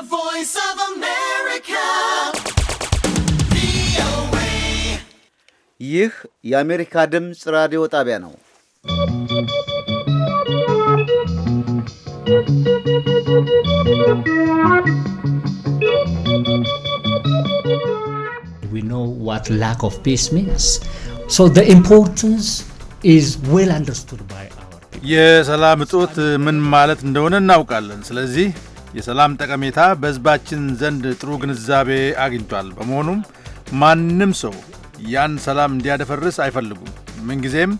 The voice of America. VOA. ይህ የአሜሪካ ድምፅ ራዲዮ ጣቢያ ነው። We know what lack of peace means. So the importance is well understood by our people. የሰላም እጦት ምን ማለት እንደሆነ እናውቃለን። ስለዚህ የሰላም ጠቀሜታ በሕዝባችን ዘንድ ጥሩ ግንዛቤ አግኝቷል። በመሆኑም ማንም ሰው ያን ሰላም እንዲያደፈርስ አይፈልጉም። ምንጊዜም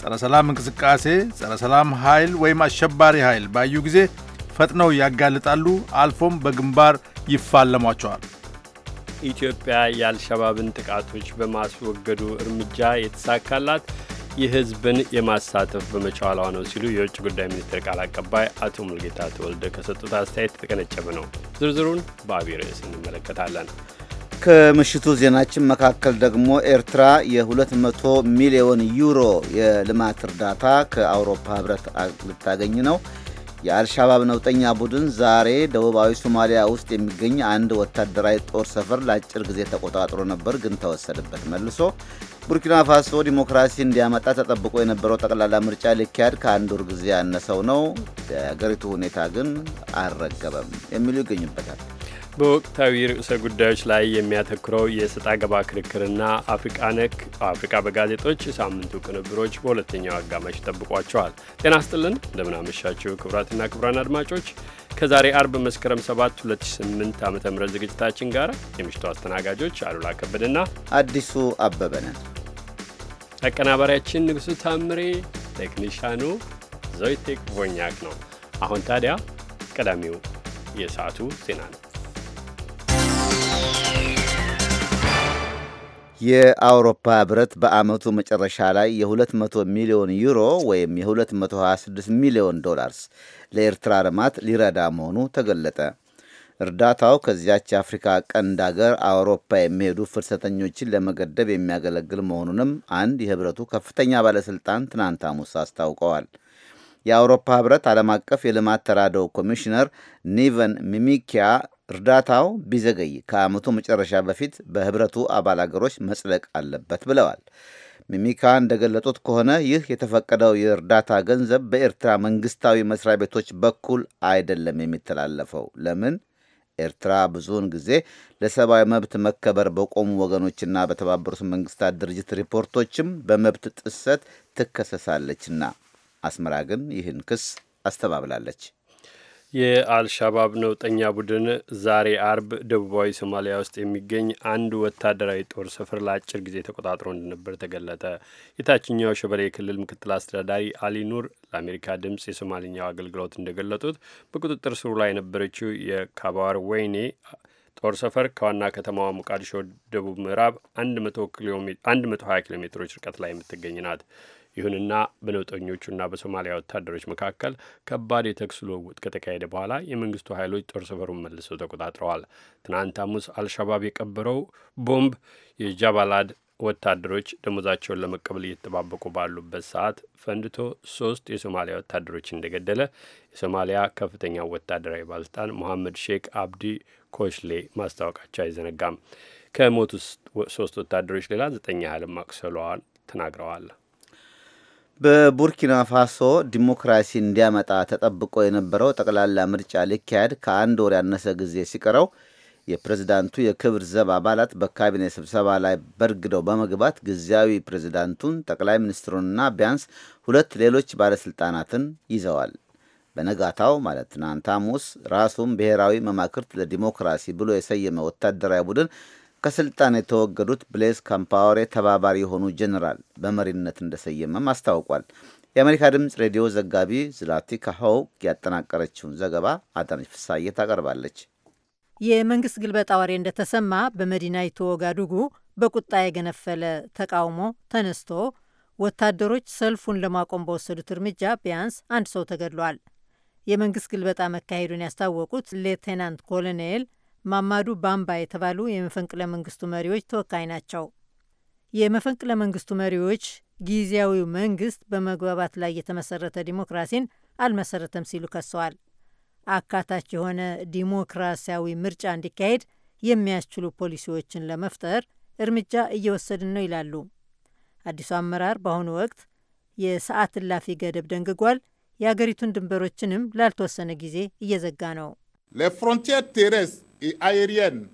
ጸረ ሰላም እንቅስቃሴ፣ ጸረ ሰላም ኃይል ወይም አሸባሪ ኃይል ባዩ ጊዜ ፈጥነው ያጋልጣሉ፣ አልፎም በግንባር ይፋለሟቸዋል። ኢትዮጵያ የአልሸባብን ጥቃቶች በማስወገዱ እርምጃ የተሳካላት የህዝብን የማሳተፍ በመቻሏ ነው ሲሉ የውጭ ጉዳይ ሚኒስቴር ቃል አቀባይ አቶ ሙልጌታ ተወልደ ከሰጡት አስተያየት የተቀነጨበ ነው። ዝርዝሩን በአብይ ርዕስ እንመለከታለን። ከምሽቱ ዜናችን መካከል ደግሞ ኤርትራ የ200 ሚሊዮን ዩሮ የልማት እርዳታ ከአውሮፓ ህብረት ልታገኝ ነው። የአልሻባብ ነውጠኛ ቡድን ዛሬ ደቡባዊ ሶማሊያ ውስጥ የሚገኝ አንድ ወታደራዊ ጦር ሰፈር ለአጭር ጊዜ ተቆጣጥሮ ነበር፣ ግን ተወሰደበት መልሶ ቡርኪና ፋሶ ዲሞክራሲ እንዲያመጣ ተጠብቆ የነበረው ጠቅላላ ምርጫ ሊካሄድ ከአንድ ወር ጊዜ ያነሰው ነው። የሀገሪቱ ሁኔታ ግን አልረገበም የሚሉ ይገኙበታል። በወቅታዊ ርዕሰ ጉዳዮች ላይ የሚያተኩረው የሰጣ ገባ ክርክርና አፍሪቃ ነክ አፍሪቃ በጋዜጦች የሳምንቱ ቅንብሮች በሁለተኛው አጋማሽ ጠብቋቸዋል። ጤና ስጥልን እንደምናመሻችው ክቡራትና ክቡራን አድማጮች ከዛሬ አርብ መስከረም 7 2008 ዓ ም ዝግጅታችን ጋር የምሽቱ አስተናጋጆች አሉላ ከበደና አዲሱ አበበ አቀናባሪያችን ንጉሱ ታምሬ፣ ቴክኒሻኑ ዘይቴክ ቮኛክ ነው። አሁን ታዲያ ቀዳሚው የሰዓቱ ዜና ነው። የአውሮፓ ህብረት በአመቱ መጨረሻ ላይ የ200 ሚሊዮን ዩሮ ወይም የ226 ሚሊዮን ዶላርስ ለኤርትራ ልማት ሊረዳ መሆኑ ተገለጠ። እርዳታው ከዚያች የአፍሪካ ቀንድ አገር አውሮፓ የሚሄዱ ፍልሰተኞችን ለመገደብ የሚያገለግል መሆኑንም አንድ የህብረቱ ከፍተኛ ባለሥልጣን ትናንት ሐሙስ አስታውቀዋል። የአውሮፓ ህብረት ዓለም አቀፍ የልማት ተራድኦ ኮሚሽነር ኒቨን ሚሚኪያ እርዳታው ቢዘገይ ከዓመቱ መጨረሻ በፊት በህብረቱ አባል አገሮች መጽለቅ አለበት ብለዋል። ሚሚካ እንደገለጡት ከሆነ ይህ የተፈቀደው የእርዳታ ገንዘብ በኤርትራ መንግስታዊ መስሪያ ቤቶች በኩል አይደለም የሚተላለፈው። ለምን? ኤርትራ ብዙውን ጊዜ ለሰብአዊ መብት መከበር በቆሙ ወገኖችና በተባበሩት መንግስታት ድርጅት ሪፖርቶችም በመብት ጥሰት ትከሰሳለችና። አስመራ ግን ይህን ክስ አስተባብላለች። የአልሻባብ ነውጠኛ ቡድን ዛሬ አርብ ደቡባዊ ሶማሊያ ውስጥ የሚገኝ አንድ ወታደራዊ ጦር ሰፈር ለአጭር ጊዜ ተቆጣጥሮ እንደነበር ተገለጠ። የታችኛው ሸበሌ ክልል ምክትል አስተዳዳሪ አሊ ኑር ለአሜሪካ ድምፅ የሶማሊኛው አገልግሎት እንደገለጡት በቁጥጥር ስሩ ላይ የነበረችው የካባር ወይኔ ጦር ሰፈር ከዋና ከተማዋ ሞቃዲሾ ደቡብ ምዕራብ 120 ኪሎ ሜትሮች ርቀት ላይ የምትገኝ ናት። ይሁንና በነውጠኞቹና በሶማሊያ ወታደሮች መካከል ከባድ የተኩስ ልውውጥ ከተካሄደ በኋላ የመንግስቱ ኃይሎች ጦር ሰፈሩን መልሰው ተቆጣጥረዋል። ትናንት ሐሙስ አልሻባብ የቀበረው ቦምብ የጃባላድ ወታደሮች ደሞዛቸውን ለመቀበል እየተጠባበቁ ባሉበት ሰዓት ፈንድቶ ሶስት የሶማሊያ ወታደሮች እንደገደለ የሶማሊያ ከፍተኛ ወታደራዊ ባለስልጣን ሙሐመድ ሼክ አብዲ ኮሽሌ ማስታወቃቸው አይዘነጋም። ከሞቱ ሶስት ወታደሮች ሌላ ዘጠኝ ያህል ማቁሰሏን ተናግረዋል። በቡርኪና ፋሶ ዲሞክራሲ እንዲያመጣ ተጠብቆ የነበረው ጠቅላላ ምርጫ ሊካሄድ ከአንድ ወር ያነሰ ጊዜ ሲቀረው የፕሬዝዳንቱ የክብር ዘብ አባላት በካቢኔ ስብሰባ ላይ በርግደው በመግባት ጊዜያዊ ፕሬዝዳንቱን፣ ጠቅላይ ሚኒስትሩንና ቢያንስ ሁለት ሌሎች ባለሥልጣናትን ይዘዋል። በነጋታው ማለት ትናንት ሐሙስ ራሱን ብሔራዊ መማክርት ለዲሞክራሲ ብሎ የሰየመ ወታደራዊ ቡድን ከስልጣን የተወገዱት ብሌዝ ካምፓወሬ ተባባሪ የሆኑ ጀኔራል በመሪነት እንደሰየመም አስታውቋል። የአሜሪካ ድምፅ ሬዲዮ ዘጋቢ ዝላቲ ካሆው ያጠናቀረችውን ዘገባ አዳነች ፍሳዬ ታቀርባለች። የመንግስት ግልበጣ ወሬ እንደተሰማ በመዲናይቱ ወጋዱጉ በቁጣ የገነፈለ ተቃውሞ ተነስቶ ወታደሮች ሰልፉን ለማቆም በወሰዱት እርምጃ ቢያንስ አንድ ሰው ተገድሏል። የመንግስት ግልበጣ መካሄዱን ያስታወቁት ሌቴናንት ኮሎኔል ማማዱ ባምባ የተባሉ የመፈንቅለ መንግስቱ መሪዎች ተወካይ ናቸው። የመፈንቅለ መንግስቱ መሪዎች ጊዜያዊው መንግስት በመግባባት ላይ የተመሰረተ ዲሞክራሲን አልመሰረተም ሲሉ ከሰዋል። አካታች የሆነ ዲሞክራሲያዊ ምርጫ እንዲካሄድ የሚያስችሉ ፖሊሲዎችን ለመፍጠር እርምጃ እየወሰድን ነው ይላሉ። አዲሱ አመራር በአሁኑ ወቅት የሰዓት እላፊ ገደብ ደንግጓል። የአገሪቱን ድንበሮችንም ላልተወሰነ ጊዜ እየዘጋ ነው። ለፍሮንቲር ቴሬስ et aérienne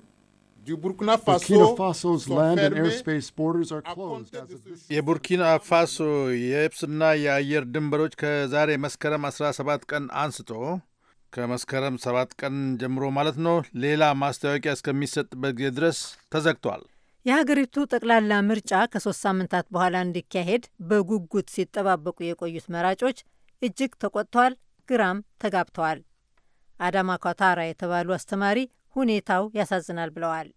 du Burkina Faso Faso's land and airspace borders are closed የቡርኪና ፋሶ የየብስና የአየር ድንበሮች ከዛሬ መስከረም 17 ቀን አንስቶ ከመስከረም 7 ቀን ጀምሮ ማለት ነው ሌላ ማስታወቂያ እስከሚሰጥበት ጊዜ ድረስ ተዘግቷል። የሀገሪቱ ጠቅላላ ምርጫ ከሶስት ሳምንታት በኋላ እንዲካሄድ በጉጉት ሲጠባበቁ የቆዩት መራጮች እጅግ ተቆጥተዋል፣ ግራም ተጋብተዋል። አዳማ ኳታራ የተባሉ አስተማሪ ሁኔታው ያሳዝናል ብለዋል።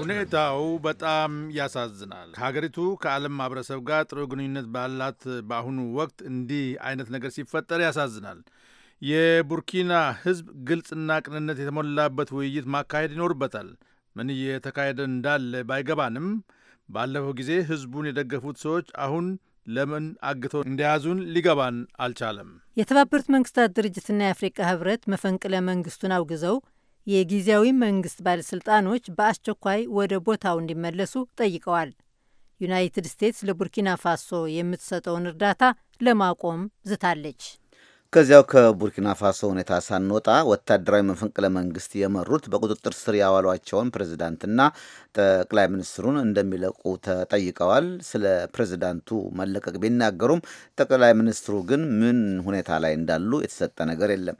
ሁኔታው በጣም ያሳዝናል። ሀገሪቱ ከዓለም ማህበረሰብ ጋር ጥሩ ግንኙነት ባላት በአሁኑ ወቅት እንዲህ አይነት ነገር ሲፈጠር ያሳዝናል። የቡርኪና ሕዝብ ግልጽና ቅንነት የተሞላበት ውይይት ማካሄድ ይኖርበታል። ምን እየተካሄደ እንዳለ ባይገባንም ባለፈው ጊዜ ህዝቡን የደገፉት ሰዎች አሁን ለምን አግተው እንደያዙን ሊገባን አልቻለም። የተባበሩት መንግስታት ድርጅትና የአፍሪቃ ህብረት መፈንቅለ መንግስቱን አውግዘው የጊዜያዊ መንግስት ባለሥልጣኖች በአስቸኳይ ወደ ቦታው እንዲመለሱ ጠይቀዋል። ዩናይትድ ስቴትስ ለቡርኪና ፋሶ የምትሰጠውን እርዳታ ለማቆም ዝታለች። ከዚያው ከቡርኪና ፋሶ ሁኔታ ሳንወጣ ወታደራዊ መፈንቅለ መንግስት የመሩት በቁጥጥር ስር ያዋሏቸውን ፕሬዚዳንትና ጠቅላይ ሚኒስትሩን እንደሚለቁ ተጠይቀዋል። ስለ ፕሬዚዳንቱ መለቀቅ ቢናገሩም ጠቅላይ ሚኒስትሩ ግን ምን ሁኔታ ላይ እንዳሉ የተሰጠ ነገር የለም።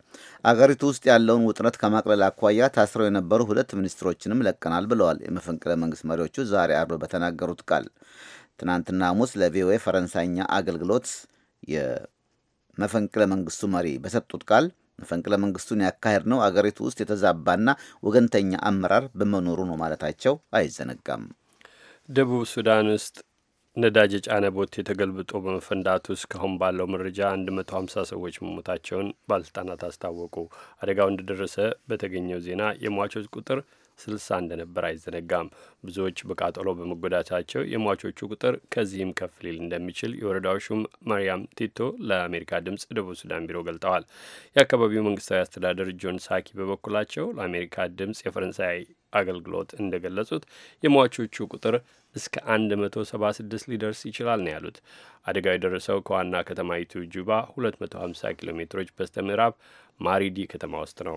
አገሪቱ ውስጥ ያለውን ውጥረት ከማቅለል አኳያ ታስረው የነበሩ ሁለት ሚኒስትሮችንም ለቀናል ብለዋል። የመፈንቅለ መንግስት መሪዎቹ ዛሬ አርብ በተናገሩት ቃል ትናንትና ሐሙስ ለቪኦኤ ፈረንሳይኛ አገልግሎት መፈንቅለ መንግስቱ መሪ በሰጡት ቃል መፈንቅለ መንግስቱን ያካሄድ ነው አገሪቱ ውስጥ የተዛባና ወገንተኛ አመራር በመኖሩ ነው ማለታቸው አይዘነጋም። ደቡብ ሱዳን ውስጥ ነዳጅ የጫነ ቦቴ ተገልብጦ በመፈንዳቱ እስካሁን ባለው መረጃ 150 ሰዎች መሞታቸውን ባለስልጣናት አስታወቁ። አደጋው እንደደረሰ በተገኘው ዜና የሟቾች ቁጥር ስልሳ እንደነበር አይዘነጋም። ብዙዎች በቃጠሎ በመጎዳታቸው የሟቾቹ ቁጥር ከዚህም ከፍ ሊል እንደሚችል የወረዳው ሹም ማርያም ቲቶ ለአሜሪካ ድምፅ ደቡብ ሱዳን ቢሮ ገልጠዋል። የአካባቢው መንግስታዊ አስተዳደር ጆን ሳኪ በበኩላቸው ለአሜሪካ ድምፅ የፈረንሳይ አገልግሎት እንደገለጹት የሟቾቹ ቁጥር እስከ 176 ሊደርስ ይችላል ነው ያሉት። አደጋው የደረሰው ከዋና ከተማይቱ ጁባ 250 ኪሎ ሜትሮች በስተ ምዕራብ ማሪዲ ከተማ ውስጥ ነው።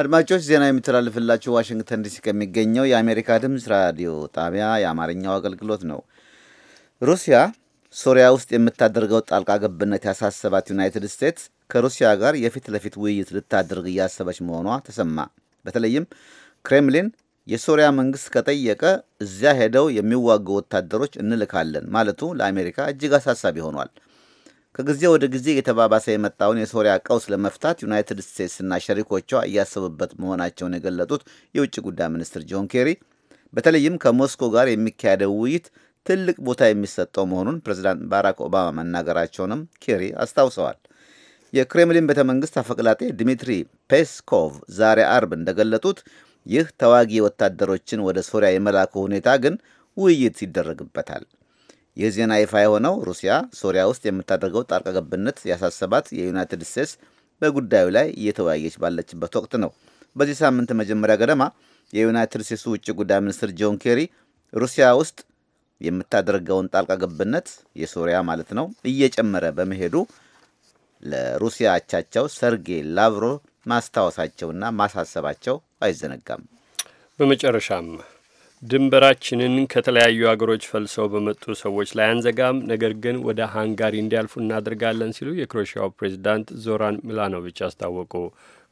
አድማጮች ዜና የሚተላልፍላችሁ ዋሽንግተን ዲሲ ከሚገኘው የአሜሪካ ድምፅ ራዲዮ ጣቢያ የአማርኛው አገልግሎት ነው። ሩሲያ ሶሪያ ውስጥ የምታደርገው ጣልቃ ገብነት ያሳሰባት ዩናይትድ ስቴትስ ከሩሲያ ጋር የፊት ለፊት ውይይት ልታደርግ እያሰበች መሆኗ ተሰማ። በተለይም ክሬምሊን የሶሪያ መንግስት ከጠየቀ እዚያ ሄደው የሚዋጉ ወታደሮች እንልካለን ማለቱ ለአሜሪካ እጅግ አሳሳቢ ሆኗል። ከጊዜ ወደ ጊዜ እየተባባሰ የመጣውን የሶሪያ ቀውስ ለመፍታት ዩናይትድ ስቴትስና ሸሪኮቿ እያሰቡበት መሆናቸውን የገለጡት የውጭ ጉዳይ ሚኒስትር ጆን ኬሪ በተለይም ከሞስኮ ጋር የሚካሄደው ውይይት ትልቅ ቦታ የሚሰጠው መሆኑን ፕሬዚዳንት ባራክ ኦባማ መናገራቸውንም ኬሪ አስታውሰዋል። የክሬምሊን ቤተ መንግሥት አፈቅላጤ ድሚትሪ ፔስኮቭ ዛሬ አርብ እንደገለጡት ይህ ተዋጊ ወታደሮችን ወደ ሶሪያ የመላኩ ሁኔታ ግን ውይይት ይደረግበታል። ይህ ዜና ይፋ የሆነው ሩሲያ ሶሪያ ውስጥ የምታደርገው ጣልቃ ገብነት ያሳሰባት የዩናይትድ ስቴትስ በጉዳዩ ላይ እየተወያየች ባለችበት ወቅት ነው። በዚህ ሳምንት መጀመሪያ ገደማ የዩናይትድ ስቴትሱ ውጭ ጉዳይ ሚኒስትር ጆን ኬሪ ሩሲያ ውስጥ የምታደርገውን ጣልቃ ገብነት የሶሪያ ማለት ነው እየጨመረ በመሄዱ ለሩሲያ አቻቸው ሰርጌይ ላቭሮቭ ማስታወሳቸውና ማሳሰባቸው አይዘነጋም። በመጨረሻም ድንበራችንን ከተለያዩ ሀገሮች ፈልሰው በመጡ ሰዎች ላይ አንዘጋም፣ ነገር ግን ወደ ሃንጋሪ እንዲያልፉ እናደርጋለን ሲሉ የክሮሽያው ፕሬዚዳንት ዞራን ሚላኖቪች አስታወቁ።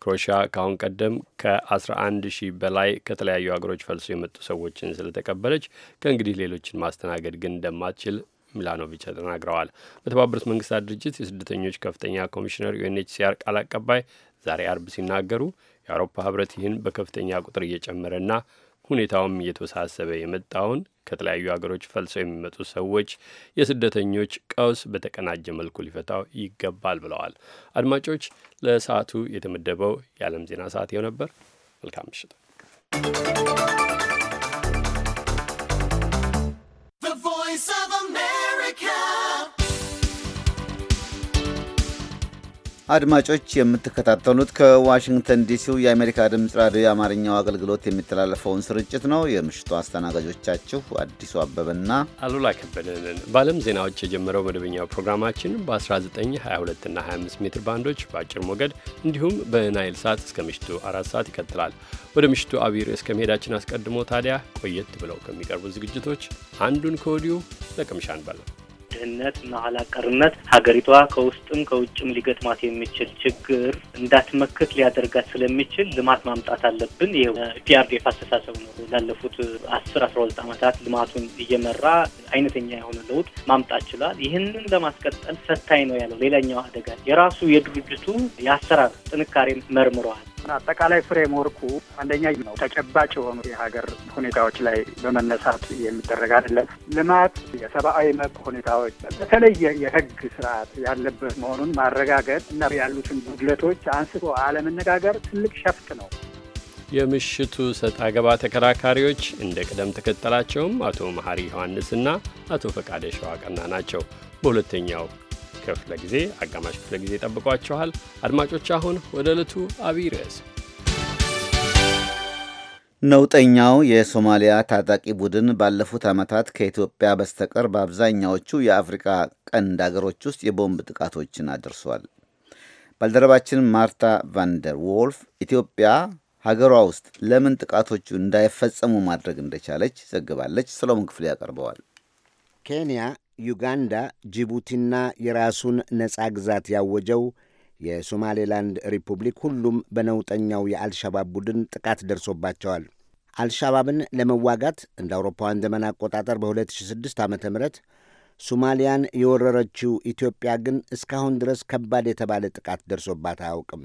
ክሮሽያ ከአሁን ቀደም ከ11 ሺህ በላይ ከተለያዩ ሀገሮች ፈልሰው የመጡ ሰዎችን ስለተቀበለች ከእንግዲህ ሌሎችን ማስተናገድ ግን እንደማትችል ሚላኖቪች ተናግረዋል። በተባበሩት መንግስታት ድርጅት የስደተኞች ከፍተኛ ኮሚሽነር ዩኤንኤችሲአር ቃል አቀባይ ዛሬ አርብ ሲናገሩ የአውሮፓ ህብረት ይህን በከፍተኛ ቁጥር እየጨመረና ሁኔታውም እየተወሳሰበ የመጣውን ከተለያዩ ሀገሮች ፈልሰው የሚመጡ ሰዎች የስደተኞች ቀውስ በተቀናጀ መልኩ ሊፈታው ይገባል ብለዋል። አድማጮች፣ ለሰዓቱ የተመደበው የዓለም ዜና ሰዓት ይኸው ነበር። መልካም ምሽት። አድማጮች የምትከታተሉት ከዋሽንግተን ዲሲው የአሜሪካ ድምፅ ራዲዮ የአማርኛው አገልግሎት የሚተላለፈውን ስርጭት ነው። የምሽቱ አስተናጋጆቻችሁ አዲሱ አበበና አሉላ ከበደንን በዓለም ዜናዎች የጀመረው መደበኛው ፕሮግራማችን በ1922ና 25 ሜትር ባንዶች በአጭር ሞገድ እንዲሁም በናይል ሳት እስከ ምሽቱ አራት ሰዓት ይቀጥላል። ወደ ምሽቱ አብር እስከ መሄዳችን አስቀድሞ ታዲያ ቆየት ብለው ከሚቀርቡ ዝግጅቶች አንዱን ከወዲሁ ለቅምሻ እንበለን። ድህነት እና ኋላቀርነት ሀገሪቷ ከውስጥም ከውጭም ሊገጥማት የሚችል ችግር እንዳትመክት ሊያደርጋት ስለሚችል ልማት ማምጣት አለብን። ይኸው ፒአርዴፍ አስተሳሰብ ነው። ላለፉት አስር አስራ ሁለት ዓመታት ልማቱን እየመራ አይነተኛ የሆነ ለውጥ ማምጣት ችሏል። ይህንን ለማስቀጠል ፈታኝ ነው ያለው ሌላኛው አደጋ የራሱ የድርጅቱ የአሰራር ጥንካሬ መርምረዋል። አጠቃላይ ፍሬምወርኩ አንደኛ ነው ተጨባጭ የሆኑ የሀገር ሁኔታዎች ላይ በመነሳት የሚደረግ አይደለም። ልማት የሰብአዊ መብት ሁኔታዎች በተለየ የህግ ስርዓት ያለበት መሆኑን ማረጋገጥ እና ያሉትን ጉድለቶች አንስቶ አለመነጋገር ትልቅ ሸፍት ነው። የምሽቱ ሰጥ አገባ ተከራካሪዎች እንደ ቅደም ተከተላቸውም አቶ መሐሪ ዮሐንስና አቶ ፈቃደ ሸዋቀና ናቸው። በሁለተኛው ክፍለ ጊዜ አጋማሽ ክፍለ ጊዜ ጠብቋችኋል። አድማጮች አሁን ወደ ዕለቱ አብይ ርዕስ ነውጠኛው የሶማሊያ ታጣቂ ቡድን ባለፉት ዓመታት ከኢትዮጵያ በስተቀር በአብዛኛዎቹ የአፍሪካ ቀንድ አገሮች ውስጥ የቦምብ ጥቃቶችን አድርሷል። ባልደረባችን ማርታ ቫንደር ዎልፍ ኢትዮጵያ ሀገሯ ውስጥ ለምን ጥቃቶቹ እንዳይፈጸሙ ማድረግ እንደቻለች ዘግባለች። ሰሎሞን ክፍሌ ያቀርበዋል። ኬንያ ዩጋንዳ፣ ጅቡቲና የራሱን ነጻ ግዛት ያወጀው የሶማሌላንድ ሪፑብሊክ ሁሉም በነውጠኛው የአልሻባብ ቡድን ጥቃት ደርሶባቸዋል። አልሻባብን ለመዋጋት እንደ አውሮፓውያን ዘመን አቆጣጠር በ2006 ዓ ም ሶማሊያን የወረረችው ኢትዮጵያ ግን እስካሁን ድረስ ከባድ የተባለ ጥቃት ደርሶባት አያውቅም።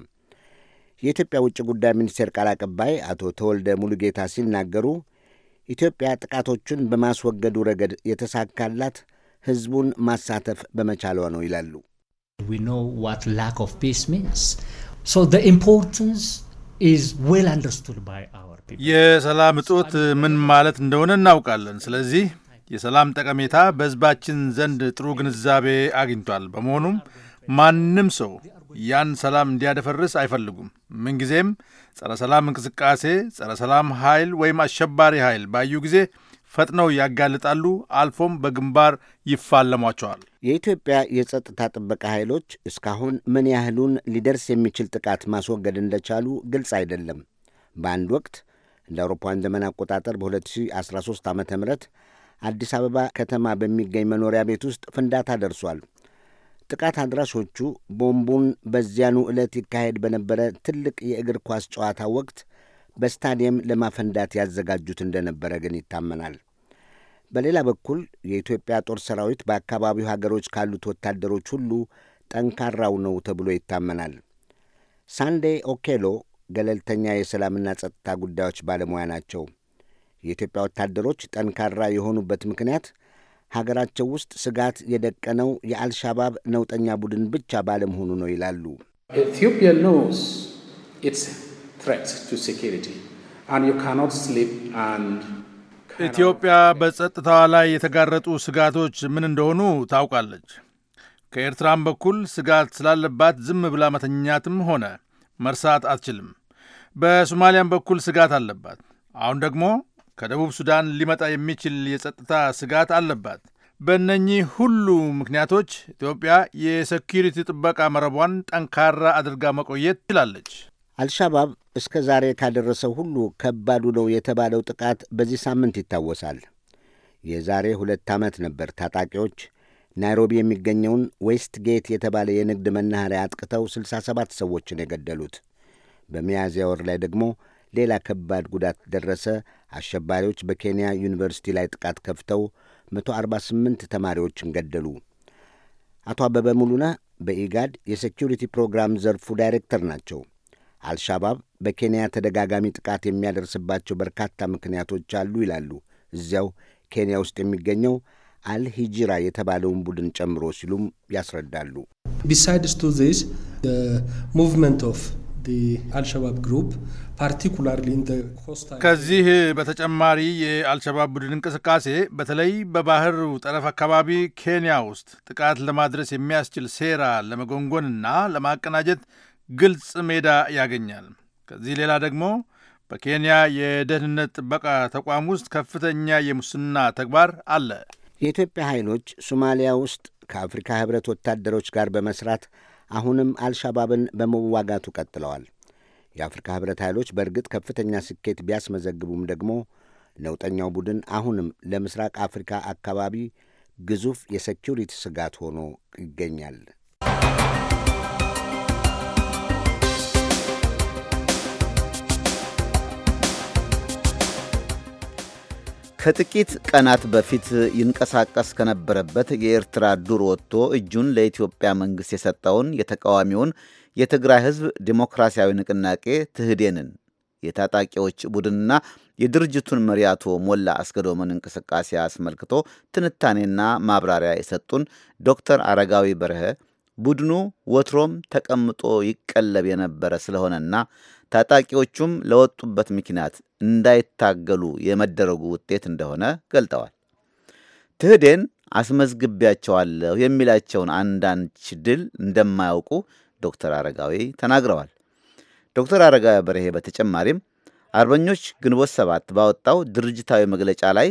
የኢትዮጵያ ውጭ ጉዳይ ሚኒስቴር ቃል አቀባይ አቶ ተወልደ ሙሉጌታ ሲናገሩ ኢትዮጵያ ጥቃቶቹን በማስወገዱ ረገድ የተሳካላት ሕዝቡን ማሳተፍ በመቻሏ ነው ይላሉ። የሰላም እጦት ምን ማለት እንደሆነ እናውቃለን። ስለዚህ የሰላም ጠቀሜታ በሕዝባችን ዘንድ ጥሩ ግንዛቤ አግኝቷል። በመሆኑም ማንም ሰው ያን ሰላም እንዲያደፈርስ አይፈልጉም። ምንጊዜም ጸረ ሰላም እንቅስቃሴ፣ ጸረ ሰላም ኃይል ወይም አሸባሪ ኃይል ባዩ ጊዜ ፈጥነው ያጋልጣሉ፣ አልፎም በግንባር ይፋለሟቸዋል። የኢትዮጵያ የጸጥታ ጥበቃ ኃይሎች እስካሁን ምን ያህሉን ሊደርስ የሚችል ጥቃት ማስወገድ እንደቻሉ ግልጽ አይደለም። በአንድ ወቅት እንደ አውሮፓውያን ዘመን አቆጣጠር በ2013 ዓ ም አዲስ አበባ ከተማ በሚገኝ መኖሪያ ቤት ውስጥ ፍንዳታ ደርሷል። ጥቃት አድራሾቹ ቦምቡን በዚያኑ ዕለት ይካሄድ በነበረ ትልቅ የእግር ኳስ ጨዋታ ወቅት በስታዲየም ለማፈንዳት ያዘጋጁት እንደነበረ ግን ይታመናል። በሌላ በኩል የኢትዮጵያ ጦር ሰራዊት በአካባቢው ሀገሮች ካሉት ወታደሮች ሁሉ ጠንካራው ነው ተብሎ ይታመናል። ሳንዴ ኦኬሎ ገለልተኛ የሰላምና ጸጥታ ጉዳዮች ባለሙያ ናቸው። የኢትዮጵያ ወታደሮች ጠንካራ የሆኑበት ምክንያት ሀገራቸው ውስጥ ስጋት የደቀነው የአልሻባብ ነውጠኛ ቡድን ብቻ ባለመሆኑ ነው ይላሉ። ኢትዮጵያ ኢትዮጵያ በጸጥታዋ ላይ የተጋረጡ ስጋቶች ምን እንደሆኑ ታውቃለች። ከኤርትራም በኩል ስጋት ስላለባት ዝም ብላ መተኛትም ሆነ መርሳት አትችልም። በሶማሊያም በኩል ስጋት አለባት። አሁን ደግሞ ከደቡብ ሱዳን ሊመጣ የሚችል የጸጥታ ስጋት አለባት። በእነኚህ ሁሉ ምክንያቶች ኢትዮጵያ የሴኪሪቲ ጥበቃ መረቧን ጠንካራ አድርጋ መቆየት ትችላለች። አልሻባብ እስከ ዛሬ ካደረሰው ሁሉ ከባዱ ነው የተባለው ጥቃት በዚህ ሳምንት ይታወሳል። የዛሬ ሁለት ዓመት ነበር ታጣቂዎች ናይሮቢ የሚገኘውን ዌስት ጌት የተባለ የንግድ መናኸሪያ አጥቅተው 67 ሰዎችን የገደሉት። በሚያዝያ ወር ላይ ደግሞ ሌላ ከባድ ጉዳት ደረሰ። አሸባሪዎች በኬንያ ዩኒቨርሲቲ ላይ ጥቃት ከፍተው 148 ተማሪዎችን ገደሉ። አቶ አበበ ሙሉና በኢጋድ የሴኪሪቲ ፕሮግራም ዘርፉ ዳይሬክተር ናቸው። አልሻባብ በኬንያ ተደጋጋሚ ጥቃት የሚያደርስባቸው በርካታ ምክንያቶች አሉ ይላሉ እዚያው ኬንያ ውስጥ የሚገኘው አልሂጅራ የተባለውን ቡድን ጨምሮ ሲሉም ያስረዳሉ። ቢሳይድስ ቱ ዚስ ሙቭመንት ኦፍ አልሸባብ ግሩፕ ፓርቲኩላርሊ ከዚህ በተጨማሪ የአልሸባብ ቡድን እንቅስቃሴ በተለይ በባህር ጠረፍ አካባቢ ኬንያ ውስጥ ጥቃት ለማድረስ የሚያስችል ሴራ ለመጎንጎንና ለማቀናጀት ግልጽ ሜዳ ያገኛል። ከዚህ ሌላ ደግሞ በኬንያ የደህንነት ጥበቃ ተቋም ውስጥ ከፍተኛ የሙስና ተግባር አለ። የኢትዮጵያ ኃይሎች ሶማሊያ ውስጥ ከአፍሪካ ህብረት ወታደሮች ጋር በመስራት አሁንም አልሻባብን በመዋጋቱ ቀጥለዋል። የአፍሪካ ህብረት ኃይሎች በእርግጥ ከፍተኛ ስኬት ቢያስመዘግቡም ደግሞ ነውጠኛው ቡድን አሁንም ለምስራቅ አፍሪካ አካባቢ ግዙፍ የሴኪሪቲ ስጋት ሆኖ ይገኛል። ከጥቂት ቀናት በፊት ይንቀሳቀስ ከነበረበት የኤርትራ ዱር ወጥቶ እጁን ለኢትዮጵያ መንግሥት የሰጠውን የተቃዋሚውን የትግራይ ሕዝብ ዲሞክራሲያዊ ንቅናቄ ትህዴንን የታጣቂዎች ቡድንና የድርጅቱን መሪ አቶ ሞላ አስገዶምን እንቅስቃሴ አስመልክቶ ትንታኔና ማብራሪያ የሰጡን ዶክተር አረጋዊ በርሀ ቡድኑ ወትሮም ተቀምጦ ይቀለብ የነበረ ስለሆነና ታጣቂዎቹም ለወጡበት ምክንያት እንዳይታገሉ የመደረጉ ውጤት እንደሆነ ገልጠዋል። ትህዴን አስመዝግቢያቸዋለሁ የሚላቸውን አንዳንድ ድል እንደማያውቁ ዶክተር አረጋዊ ተናግረዋል። ዶክተር አረጋዊ በርሄ በተጨማሪም አርበኞች ግንቦት ሰባት ባወጣው ድርጅታዊ መግለጫ ላይ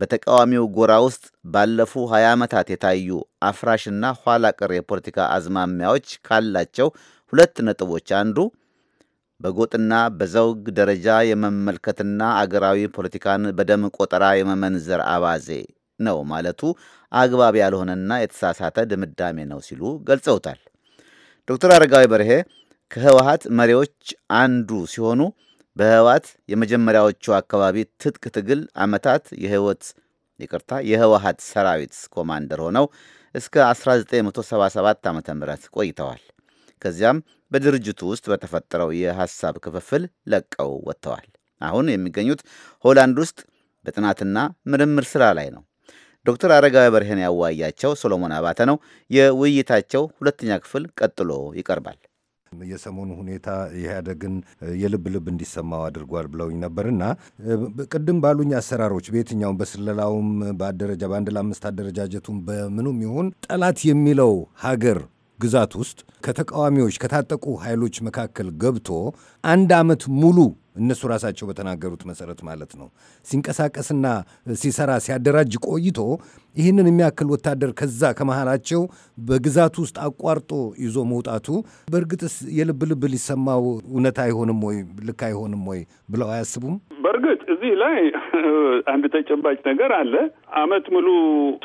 በተቃዋሚው ጎራ ውስጥ ባለፉ 20 ዓመታት የታዩ አፍራሽና ኋላ ቀር የፖለቲካ አዝማሚያዎች ካላቸው ሁለት ነጥቦች አንዱ በጎጥና በዘውግ ደረጃ የመመልከትና አገራዊ ፖለቲካን በደም ቆጠራ የመመንዘር አባዜ ነው ማለቱ አግባብ ያልሆነና የተሳሳተ ድምዳሜ ነው ሲሉ ገልጸውታል። ዶክተር አረጋዊ በርሄ ከህወሀት መሪዎች አንዱ ሲሆኑ በህወሀት የመጀመሪያዎቹ አካባቢ ትጥቅ ትግል ዓመታት የህይወት ይቅርታ የህወሀት ሰራዊት ኮማንደር ሆነው እስከ 1977 ዓ ም ቆይተዋል። ከዚያም በድርጅቱ ውስጥ በተፈጠረው የሐሳብ ክፍፍል ለቀው ወጥተዋል። አሁን የሚገኙት ሆላንድ ውስጥ በጥናትና ምርምር ሥራ ላይ ነው። ዶክተር አረጋዊ በርሄን ያዋያቸው ሶሎሞን አባተ ነው። የውይይታቸው ሁለተኛ ክፍል ቀጥሎ ይቀርባል። የሰሞኑ ሁኔታ ኢህአዴግን የልብ ልብ እንዲሰማው አድርጓል ብለውኝ ነበርና ቅድም ባሉኝ አሰራሮች በየትኛውም በስለላውም በአደረጃ በአንድ ለአምስት አደረጃጀቱም በምኑም ይሁን ጠላት የሚለው ሀገር ግዛት ውስጥ ከተቃዋሚዎች ከታጠቁ ኃይሎች መካከል ገብቶ አንድ ዓመት ሙሉ እነሱ ራሳቸው በተናገሩት መሰረት ማለት ነው ሲንቀሳቀስና ሲሰራ ሲያደራጅ ቆይቶ ይህንን የሚያክል ወታደር ከዛ ከመሃላቸው በግዛት ውስጥ አቋርጦ ይዞ መውጣቱ በእርግጥስ የልብ ልብ ሊሰማው እውነት አይሆንም ወይ? ልክ አይሆንም ወይ ብለው አያስቡም? በእርግጥ እዚህ ላይ አንድ ተጨባጭ ነገር አለ። ዓመት ሙሉ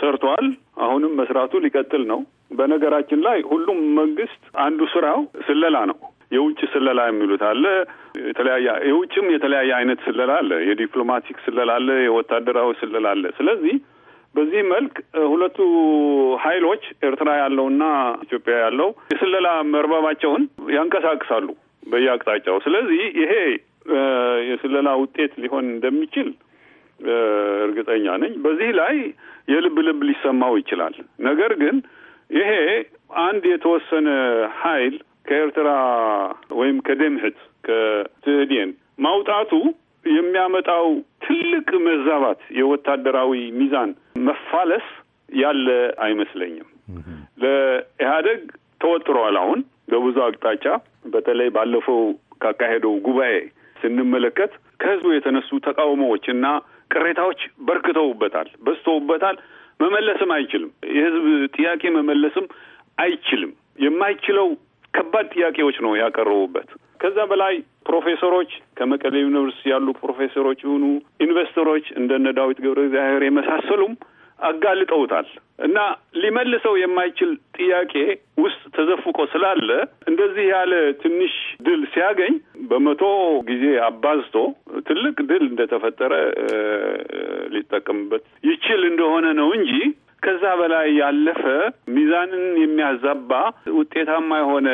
ሰርቷል። አሁንም መስራቱ ሊቀጥል ነው። በነገራችን ላይ ሁሉም መንግስት አንዱ ስራው ስለላ ነው። የውጭ ስለላ የሚሉት አለ። የተለያየ የውጭም የተለያየ አይነት ስለላ አለ። የዲፕሎማቲክ ስለላ አለ። የወታደራዊ ስለላ አለ። ስለዚህ በዚህ መልክ ሁለቱ ኃይሎች ኤርትራ ያለውና ኢትዮጵያ ያለው የስለላ መርባባቸውን ያንቀሳቅሳሉ በየአቅጣጫው። ስለዚህ ይሄ የስለላ ውጤት ሊሆን እንደሚችል እርግጠኛ ነኝ። በዚህ ላይ የልብ ልብ ሊሰማው ይችላል። ነገር ግን ይሄ አንድ የተወሰነ ኃይል ከኤርትራ ወይም ከደምህት ከትህዴን ማውጣቱ የሚያመጣው ትልቅ መዛባት፣ የወታደራዊ ሚዛን መፋለስ ያለ አይመስለኝም። ለኢህአደግ ተወጥሯል። አሁን በብዙ አቅጣጫ በተለይ ባለፈው ካካሄደው ጉባኤ ስንመለከት ከህዝቡ የተነሱ ተቃውሞዎች እና ቅሬታዎች በርክተውበታል፣ በዝተውበታል። መመለስም አይችልም። የህዝብ ጥያቄ መመለስም አይችልም። የማይችለው ከባድ ጥያቄዎች ነው ያቀረቡበት። ከዛ በላይ ፕሮፌሰሮች ከመቀሌ ዩኒቨርሲቲ ያሉ ፕሮፌሰሮች የሆኑ ኢንቨስተሮች እንደነ ዳዊት ገብረ እግዚአብሔር የመሳሰሉም አጋልጠውታል እና ሊመልሰው የማይችል ጥያቄ ውስጥ ተዘፍቆ ስላለ እንደዚህ ያለ ትንሽ ድል ሲያገኝ በመቶ ጊዜ አባዝቶ ትልቅ ድል እንደተፈጠረ ሊጠቀምበት ይችል እንደሆነ ነው እንጂ ከዛ በላይ ያለፈ ሚዛንን የሚያዛባ ውጤታማ የሆነ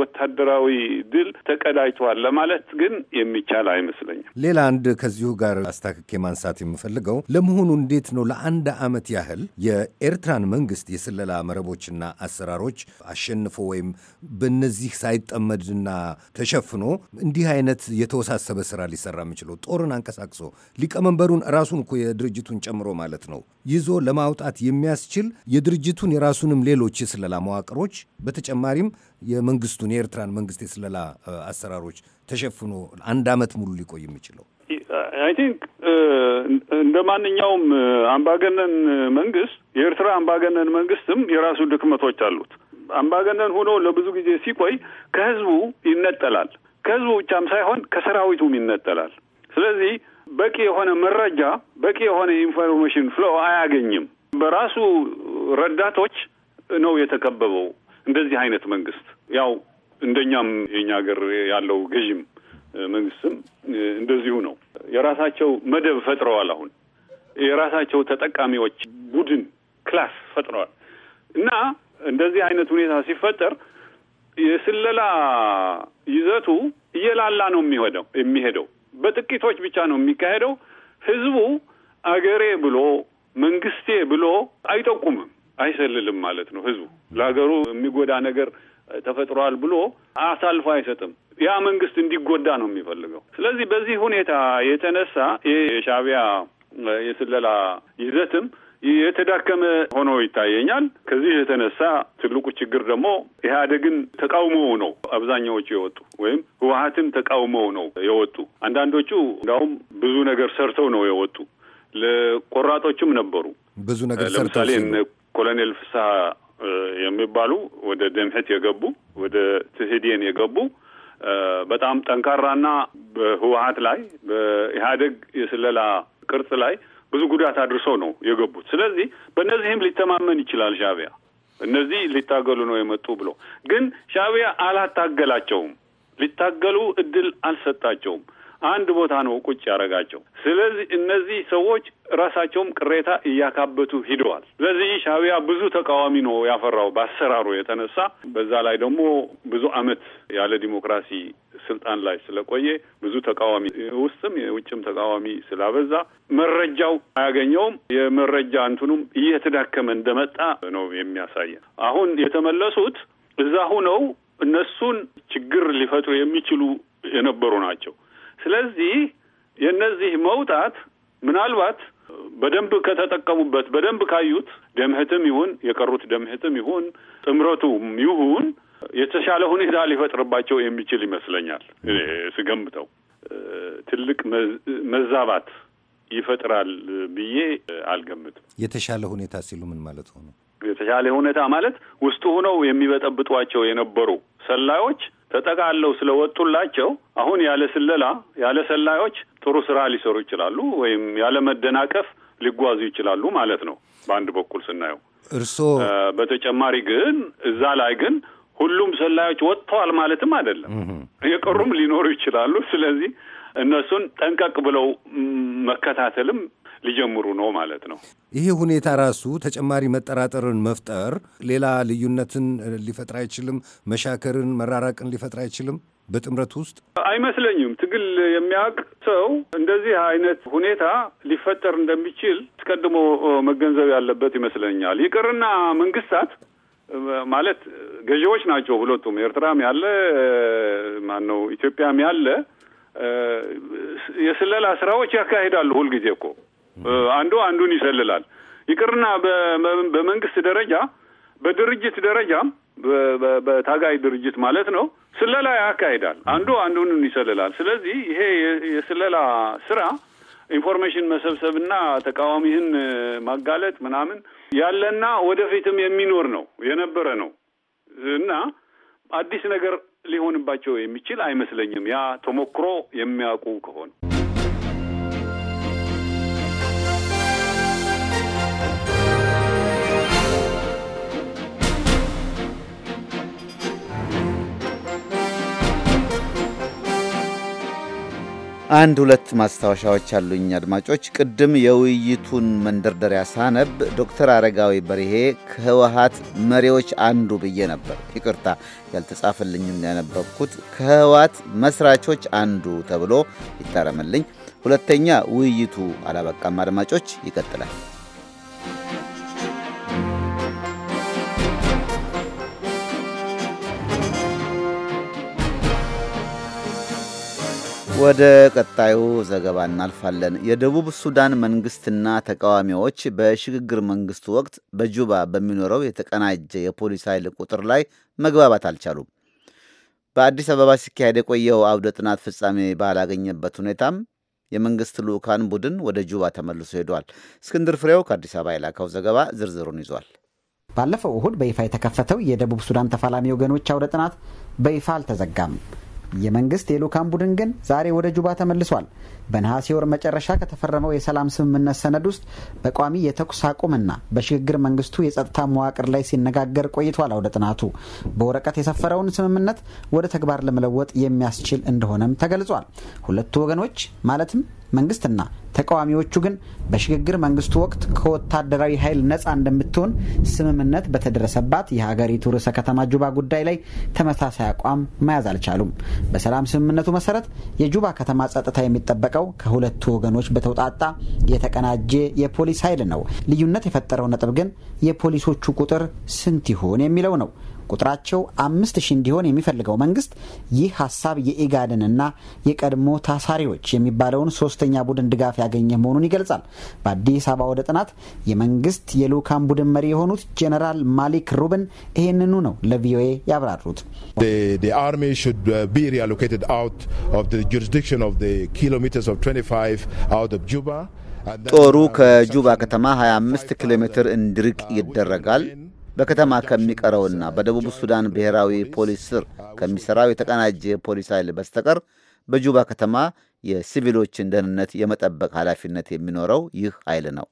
ወታደራዊ ድል ተቀዳጅተዋል ለማለት ግን የሚቻል አይመስለኝም። ሌላ አንድ ከዚሁ ጋር አስታክኬ ማንሳት የምፈልገው ለመሆኑ እንዴት ነው ለአንድ ዓመት ያህል የኤርትራን መንግስት የስለላ መረቦችና አሰራሮች አሸንፎ ወይም በነዚህ ሳይጠመድና ተሸፍኖ እንዲህ አይነት የተወሳሰበ ስራ ሊሰራ የሚችለው ጦርን አንቀሳቅሶ ሊቀመንበሩን ራሱን እኮ የድርጅቱን ጨምሮ ማለት ነው ይዞ ለማውጣት የሚ የሚያስችል የድርጅቱን የራሱንም ሌሎች የስለላ መዋቅሮች በተጨማሪም የመንግስቱን የኤርትራን መንግስት የስለላ አሰራሮች ተሸፍኖ አንድ ዓመት ሙሉ ሊቆይ የሚችለው አይ ቲንክ እንደ ማንኛውም አምባገነን መንግስት የኤርትራ አምባገነን መንግስትም የራሱ ድክመቶች አሉት። አምባገነን ሆኖ ለብዙ ጊዜ ሲቆይ ከህዝቡ ይነጠላል። ከህዝቡ ብቻም ሳይሆን ከሰራዊቱም ይነጠላል። ስለዚህ በቂ የሆነ መረጃ፣ በቂ የሆነ ኢንፎርሜሽን ፍሎ አያገኝም። በራሱ ረዳቶች ነው የተከበበው። እንደዚህ አይነት መንግስት ያው እንደኛም የኛ ሀገር ያለው ገዥም መንግስትም እንደዚሁ ነው። የራሳቸው መደብ ፈጥረዋል። አሁን የራሳቸው ተጠቃሚዎች ቡድን ክላስ ፈጥረዋል እና እንደዚህ አይነት ሁኔታ ሲፈጠር የስለላ ይዘቱ እየላላ ነው የሚሄደው የሚሄደው በጥቂቶች ብቻ ነው የሚካሄደው። ህዝቡ አገሬ ብሎ መንግስቴ ብሎ አይጠቁምም፣ አይሰልልም ማለት ነው። ህዝቡ ለሀገሩ የሚጎዳ ነገር ተፈጥሯል ብሎ አሳልፎ አይሰጥም። ያ መንግስት እንዲጎዳ ነው የሚፈልገው። ስለዚህ በዚህ ሁኔታ የተነሳ የሻቢያ የስለላ ይዘትም የተዳከመ ሆኖ ይታየኛል። ከዚህ የተነሳ ትልቁ ችግር ደግሞ ኢህአደግን ተቃውሞው ነው አብዛኛዎቹ የወጡ ወይም ህወሀትን ተቃውሞው ነው የወጡ። አንዳንዶቹ እንዲያውም ብዙ ነገር ሰርተው ነው የወጡ። ለቆራጦችም ነበሩ። ብዙ ነገር ለምሳሌ ኮሎኔል ፍስሀ የሚባሉ ወደ ደምሕት የገቡ ወደ ትህዴን የገቡ በጣም ጠንካራና በህወሀት ላይ በኢህአደግ የስለላ ቅርጽ ላይ ብዙ ጉዳት አድርሰው ነው የገቡት። ስለዚህ በእነዚህም ሊተማመን ይችላል ሻቢያ እነዚህ ሊታገሉ ነው የመጡ ብሎ ግን ሻቢያ አላታገላቸውም። ሊታገሉ እድል አልሰጣቸውም። አንድ ቦታ ነው ቁጭ ያደረጋቸው። ስለዚህ እነዚህ ሰዎች ራሳቸውም ቅሬታ እያካበቱ ሂደዋል። ስለዚህ ሻቢያ ብዙ ተቃዋሚ ነው ያፈራው በአሰራሩ የተነሳ በዛ ላይ ደግሞ ብዙ አመት ያለ ዲሞክራሲ ስልጣን ላይ ስለቆየ ብዙ ተቃዋሚ ውስጥም የውጭም ተቃዋሚ ስላበዛ መረጃው አያገኘውም። የመረጃ እንትኑም እየተዳከመ እንደመጣ ነው የሚያሳየን። አሁን የተመለሱት እዛ ሁነው እነሱን ችግር ሊፈጥሩ የሚችሉ የነበሩ ናቸው። ስለዚህ የእነዚህ መውጣት ምናልባት በደንብ ከተጠቀሙበት በደንብ ካዩት ደምህትም ይሁን የቀሩት ደምህትም ይሁን ጥምረቱም ይሁን የተሻለ ሁኔታ ሊፈጥርባቸው የሚችል ይመስለኛል። ስገምተው ትልቅ መዛባት ይፈጥራል ብዬ አልገምትም። የተሻለ ሁኔታ ሲሉ ምን ማለት ሆነ? የተሻለ ሁኔታ ማለት ውስጡ ሆነው የሚበጠብጧቸው የነበሩ ሰላዮች ተጠቃለው ስለወጡላቸው አሁን ያለ ስለላ ያለ ሰላዮች ጥሩ ስራ ሊሰሩ ይችላሉ ወይም ያለ መደናቀፍ ሊጓዙ ይችላሉ ማለት ነው። በአንድ በኩል ስናየው እርስዎ በተጨማሪ ግን እዛ ላይ ግን ሁሉም ሰላዮች ወጥተዋል ማለትም አይደለም። የቀሩም ሊኖሩ ይችላሉ። ስለዚህ እነሱን ጠንቀቅ ብለው መከታተልም ሊጀምሩ ነው ማለት ነው። ይሄ ሁኔታ ራሱ ተጨማሪ መጠራጠርን መፍጠር ሌላ ልዩነትን ሊፈጥር አይችልም? መሻከርን፣ መራራቅን ሊፈጥር አይችልም? በጥምረት ውስጥ አይመስለኝም። ትግል የሚያውቅ ሰው እንደዚህ አይነት ሁኔታ ሊፈጠር እንደሚችል አስቀድሞ መገንዘብ ያለበት ይመስለኛል። ይቅርና መንግስታት ማለት ገዢዎች ናቸው ሁለቱም፣ ኤርትራም ያለ ማነው ኢትዮጵያም ያለ የስለላ ስራዎች ያካሂዳሉ ሁልጊዜ እኮ አንዱ አንዱን ይሰልላል። ይቅርና በመንግስት ደረጃ በድርጅት ደረጃ በታጋይ ድርጅት ማለት ነው ስለላ ያካሂዳል። አንዱ አንዱን ይሰልላል። ስለዚህ ይሄ የስለላ ስራ ኢንፎርሜሽን መሰብሰብና ተቃዋሚህን ማጋለጥ ምናምን ያለና ወደፊትም የሚኖር ነው የነበረ ነው እና አዲስ ነገር ሊሆንባቸው የሚችል አይመስለኝም ያ ተሞክሮ የሚያውቁ ከሆነ አንድ ሁለት ማስታወሻዎች አሉኝ አድማጮች። ቅድም የውይይቱን መንደርደሪያ ሳነብ ዶክተር አረጋዊ በርሄ ከህወሀት መሪዎች አንዱ ብዬ ነበር። ይቅርታ ያልተጻፈልኝም ያነበብኩት ከህወሀት መስራቾች አንዱ ተብሎ ይታረምልኝ። ሁለተኛ ውይይቱ አላበቃም አድማጮች፣ ይቀጥላል። ወደ ቀጣዩ ዘገባ እናልፋለን። የደቡብ ሱዳን መንግስትና ተቃዋሚዎች በሽግግር መንግስቱ ወቅት በጁባ በሚኖረው የተቀናጀ የፖሊስ ኃይል ቁጥር ላይ መግባባት አልቻሉም። በአዲስ አበባ ሲካሄድ የቆየው አውደ ጥናት ፍጻሜ ባላገኘበት ሁኔታም የመንግስት ልዑካን ቡድን ወደ ጁባ ተመልሶ ሄዷል። እስክንድር ፍሬው ከአዲስ አበባ የላከው ዘገባ ዝርዝሩን ይዟል። ባለፈው እሁድ በይፋ የተከፈተው የደቡብ ሱዳን ተፋላሚ ወገኖች አውደ ጥናት በይፋ አልተዘጋም። የመንግስት የልኡካን ቡድን ግን ዛሬ ወደ ጁባ ተመልሷል። በነሐሴ ወር መጨረሻ ከተፈረመው የሰላም ስምምነት ሰነድ ውስጥ በቋሚ የተኩስ አቁምና በሽግግር መንግስቱ የጸጥታ መዋቅር ላይ ሲነጋገር ቆይቷል። አውደ ጥናቱ በወረቀት የሰፈረውን ስምምነት ወደ ተግባር ለመለወጥ የሚያስችል እንደሆነም ተገልጿል። ሁለቱ ወገኖች ማለትም መንግስትና ተቃዋሚዎቹ ግን በሽግግር መንግስቱ ወቅት ከወታደራዊ ኃይል ነፃ እንደምትሆን ስምምነት በተደረሰባት የሀገሪቱ ርዕሰ ከተማ ጁባ ጉዳይ ላይ ተመሳሳይ አቋም መያዝ አልቻሉም። በሰላም ስምምነቱ መሰረት የጁባ ከተማ ጸጥታ የሚጠበቅ የሚጠበቀው ከሁለቱ ወገኖች በተውጣጣ የተቀናጀ የፖሊስ ኃይል ነው። ልዩነት የፈጠረው ነጥብ ግን የፖሊሶቹ ቁጥር ስንት ይሆን የሚለው ነው። ቁጥራቸው አምስት ሺህ እንዲሆን የሚፈልገው መንግስት ይህ ሀሳብ የኢጋድንና የቀድሞ ታሳሪዎች የሚባለውን ሶስተኛ ቡድን ድጋፍ ያገኘ መሆኑን ይገልጻል። በአዲስ አበባ ወደ ጥናት የመንግስት የልኡካን ቡድን መሪ የሆኑት ጄኔራል ማሊክ ሩብን ይህንኑ ነው ለቪኦኤ ያብራሩት። uh, ጦሩ uh, ከጁባ ከተማ 25 ኪሎ ሜትር እንዲርቅ ይደረጋል። በከተማ ከሚቀረውና በደቡብ ሱዳን ብሔራዊ ፖሊስ ስር ከሚሠራው የተቀናጀ ፖሊስ ኃይል በስተቀር በጁባ ከተማ የሲቪሎችን ደህንነት የመጠበቅ ኃላፊነት የሚኖረው ይህ ኃይል ነው።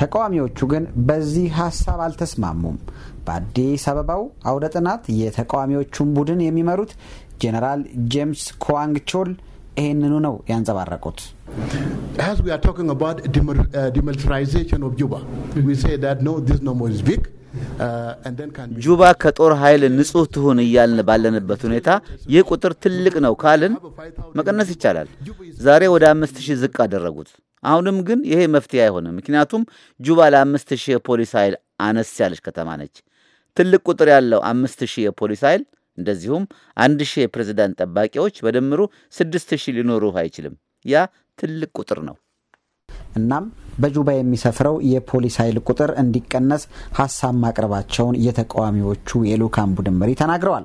ተቃዋሚዎቹ ግን በዚህ ሀሳብ አልተስማሙም። በአዲስ አበባው አውደ ጥናት የተቃዋሚዎቹን ቡድን የሚመሩት ጄኔራል ጄምስ ኮዋንግ ቾል ይህንኑ ነው ያንጸባረቁት። Uh, ጁባ ከጦር ኃይል ንጹህ ትሁን እያልን ባለንበት ሁኔታ ይህ ቁጥር ትልቅ ነው ካልን መቀነስ ይቻላል። ዛሬ ወደ አምስት ሺህ ዝቅ አደረጉት። አሁንም ግን ይሄ መፍትሄ አይሆንም። ምክንያቱም ጁባ ለአምስት ሺህ የፖሊስ ኃይል አነስ ያለች ከተማ ነች። ትልቅ ቁጥር ያለው አምስት ሺህ የፖሊስ ኃይል እንደዚሁም አንድ ሺህ የፕሬዝዳንት ጠባቂዎች በድምሩ ስድስት ሺህ ሊኖሩ አይችልም። ያ ትልቅ ቁጥር ነው። እናም በጁባ የሚሰፍረው የፖሊስ ኃይል ቁጥር እንዲቀነስ ሀሳብ ማቅረባቸውን የተቃዋሚዎቹ የልኡካን ቡድን መሪ ተናግረዋል።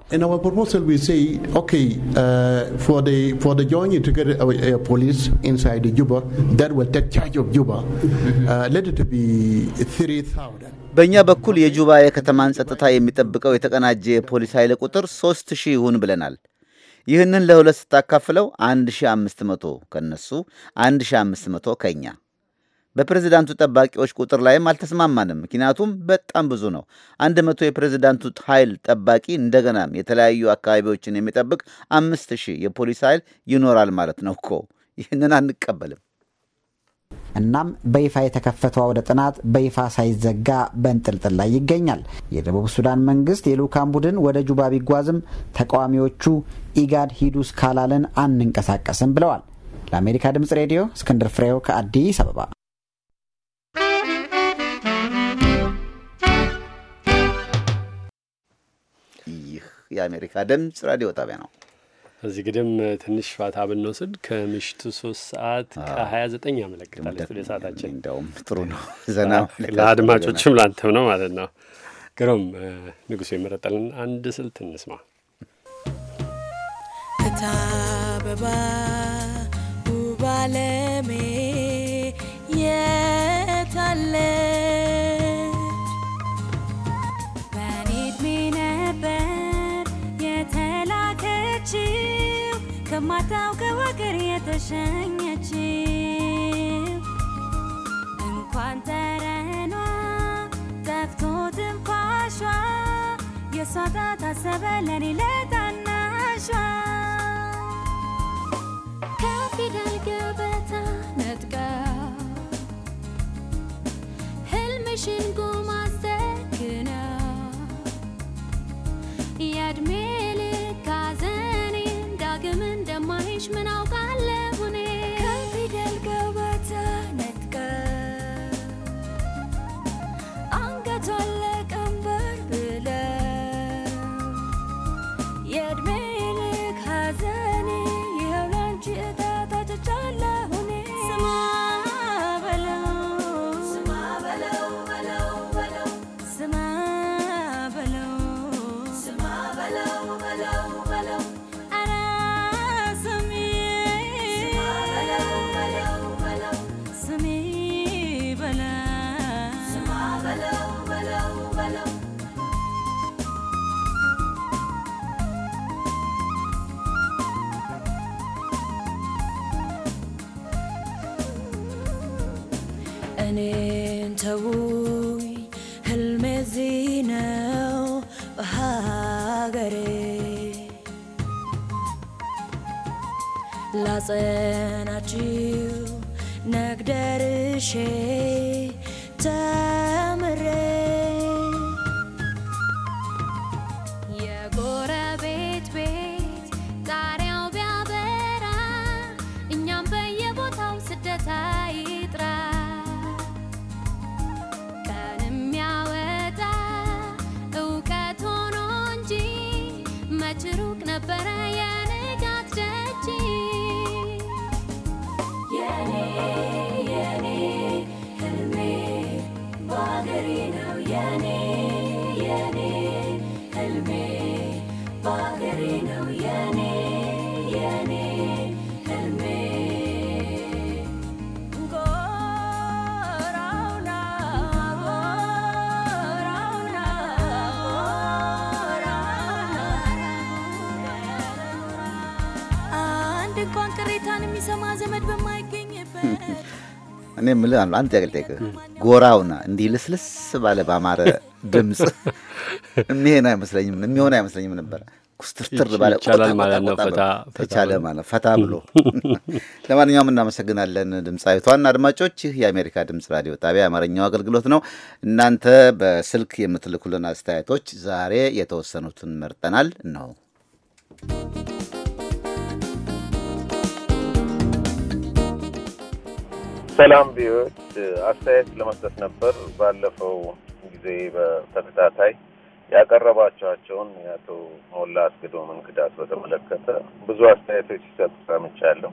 በእኛ በኩል የጁባ የከተማን ጸጥታ የሚጠብቀው የተቀናጀ የፖሊስ ኃይል ቁጥር ሶስት ሺህ ይሁን ብለናል። ይህንን ለሁለት ስታካፍለው 1500 ከነሱ 1500 ከኛ በፕሬዝዳንቱ ጠባቂዎች ቁጥር ላይም አልተስማማንም። ምክንያቱም በጣም ብዙ ነው። አንድ መቶ የፕሬዝዳንቱ ኃይል ጠባቂ እንደገናም የተለያዩ አካባቢዎችን የሚጠብቅ አምስት ሺህ የፖሊስ ኃይል ይኖራል ማለት ነው እኮ። ይህንን አንቀበልም። እናም በይፋ የተከፈተው አውደ ጥናት በይፋ ሳይዘጋ በንጥልጥል ላይ ይገኛል። የደቡብ ሱዳን መንግስት የልኡካን ቡድን ወደ ጁባ ቢጓዝም ተቃዋሚዎቹ ኢጋድ ሂዱ እስካላለን አንንቀሳቀስም ብለዋል። ለአሜሪካ ድምፅ ሬዲዮ እስክንድር ፍሬው ከአዲስ አበባ የአሜሪካ ድምፅ ራዲዮ ጣቢያ ነው። እዚህ ግድም ትንሽ ፋታ ብንወስድ ከምሽቱ ሶስት ሰዓት ከሀያ ዘጠኝ ያመለክታል። ሰዓታችን እንደውም ጥሩ ነው። ዘና ለአድማጮችም ላንተም ነው ማለት ነው። ግሩም ንጉሱ የመረጠልን አንድ ስልት እንስማ። እታበባ ውባለሜ የታለ በማታውቀው ሀገር የተሸኘችው እንኳን ጠረኗ ጠፍቶ ትንፋሿ የእሷ ታታሰበ ለኔ ለታናሿ ከፊደል ገበታ ነጥቃ ህልምሽን ጎማዘግና የእድሜ judgment, oh God. せ እኔ የምልህ አንድ ጥያቄ ልጠይቅህ። ጎራውና እንዲህ ልስልስ ባለ በአማረ ድምፅ እሚሄን አይመስለኝም የሚሆን አይመስለኝም ነበረ። ኩስትርትር ባለ ተቻለ ማለት ፈታ ብሎ። ለማንኛውም እናመሰግናለን ድምፃዊቷን። አድማጮች፣ ይህ የአሜሪካ ድምፅ ራዲዮ ጣቢያ የአማርኛው አገልግሎት ነው። እናንተ በስልክ የምትልኩልን አስተያየቶች ዛሬ የተወሰኑትን መርጠናል ነው Thank you. ሰላም ቪዎች አስተያየት ለመስጠት ነበር። ባለፈው ጊዜ በተከታታይ ያቀረባቸዋቸውን የአቶ ሞላ አስገዶምን ክዳት በተመለከተ ብዙ አስተያየቶች ሲሰጡ ሰምቻለሁ።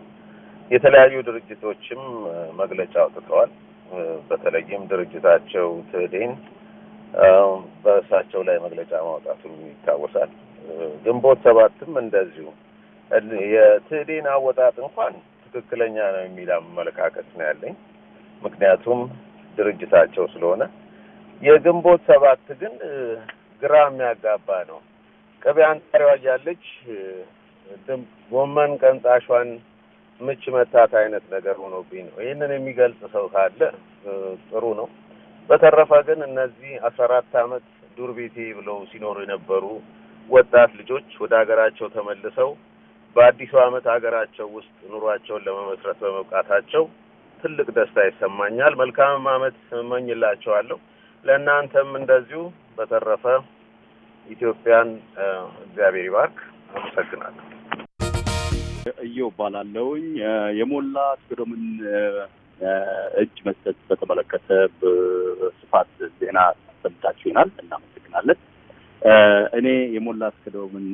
የተለያዩ ድርጅቶችም መግለጫ አውጥተዋል። በተለይም ድርጅታቸው ትህዴን በእሳቸው ላይ መግለጫ ማውጣቱም ይታወሳል። ግንቦት ሰባትም እንደዚሁ የትህዴን አወጣጥ እንኳን ትክክለኛ ነው የሚል አመለካከት ነው ያለኝ። ምክንያቱም ድርጅታቸው ስለሆነ። የግንቦት ሰባት ግን ግራ የሚያጋባ ነው። ቅቤ አንጣሪዋ እያለች ጎመን ቀንጣሿን ምች መታት አይነት ነገር ሆኖብኝ ነው። ይህንን የሚገልጽ ሰው ካለ ጥሩ ነው። በተረፈ ግን እነዚህ አስራ አራት አመት ዱር ቤቴ ብለው ሲኖሩ የነበሩ ወጣት ልጆች ወደ ሀገራቸው ተመልሰው በአዲሱ ዓመት ሀገራቸው ውስጥ ኑሯቸውን ለመመስረት በመብቃታቸው ትልቅ ደስታ ይሰማኛል። መልካም ዓመት እመኝላቸዋለሁ። ለእናንተም እንደዚሁ። በተረፈ ኢትዮጵያን እግዚአብሔር ይባርክ። አመሰግናለሁ። እየው ባላለውኝ የሞላ ቴዎድሮስን እጅ መስጠት በተመለከተ በስፋት ዜና ይናል። እናመሰግናለን። እኔ የሞላ አስክደውምን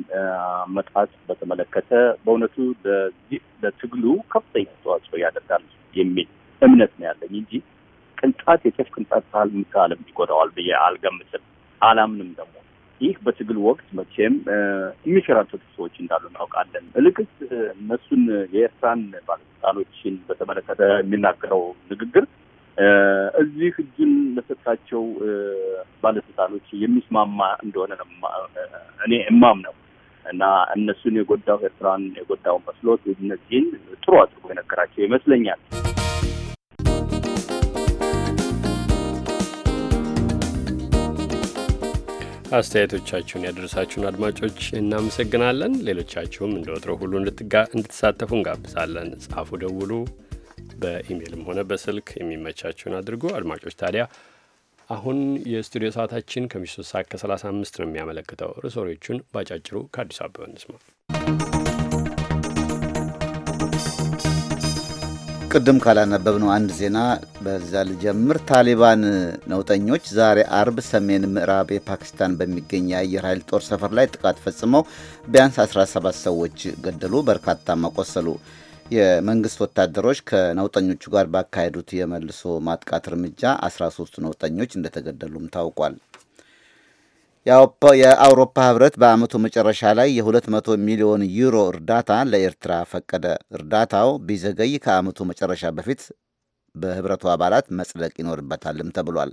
አመጣጥ በተመለከተ በእውነቱ ለትግሉ ከፍተኛ አስተዋጽኦ ያደርጋል የሚል እምነት ነው ያለኝ እንጂ ቅንጣት የጤፍ ቅንጣት ባህል ምታለም ይጎዳዋል ብዬ አልገምትም፣ አላምንም። ደግሞ ይህ በትግል ወቅት መቼም የሚሸራተቱ ሰዎች እንዳሉ እናውቃለን። እልቅስ እነሱን የኤርትራን ባለስልጣኖችን በተመለከተ የሚናገረው ንግግር እዚህ እጁን ለሰጣቸው ባለስልጣኖች የሚስማማ እንደሆነ እኔ እማም ነው እና እነሱን የጎዳው ኤርትራን የጎዳው መስሎት እነዚህን ጥሩ አድርጎ የነገራቸው ይመስለኛል። አስተያየቶቻችሁን ያደረሳችሁን አድማጮች እናመሰግናለን። ሌሎቻችሁም እንደ ወትሮ ሁሉ እንድትሳተፉ እንጋብዛለን። ጻፉ፣ ደውሉ። በኢሜይልም ሆነ በስልክ የሚመቻችውን አድርጎ አድማጮች ታዲያ አሁን የስቱዲዮ ሰዓታችን ከምሽቱ ሰዓት ከ35 ነው የሚያመለክተው። ርሶሪዎቹን ባጫጭሩ ከአዲስ አበባ እንስማ። ቅድም ካላነበብነው አንድ ዜና በዛ ልጀምር። ታሊባን ነውጠኞች ዛሬ አርብ ሰሜን ምዕራብ የፓኪስታን በሚገኝ የአየር ኃይል ጦር ሰፈር ላይ ጥቃት ፈጽመው ቢያንስ 17 ሰዎች ገደሉ፣ በርካታ መቆሰሉ የመንግስት ወታደሮች ከነውጠኞቹ ጋር ባካሄዱት የመልሶ ማጥቃት እርምጃ 13 ነውጠኞች እንደተገደሉም ታውቋል። የአውሮፓ ህብረት በአመቱ መጨረሻ ላይ የ200 ሚሊዮን ዩሮ እርዳታ ለኤርትራ ፈቀደ። እርዳታው ቢዘገይ ከአመቱ መጨረሻ በፊት በህብረቱ አባላት መጽደቅ ይኖርበታልም ተብሏል።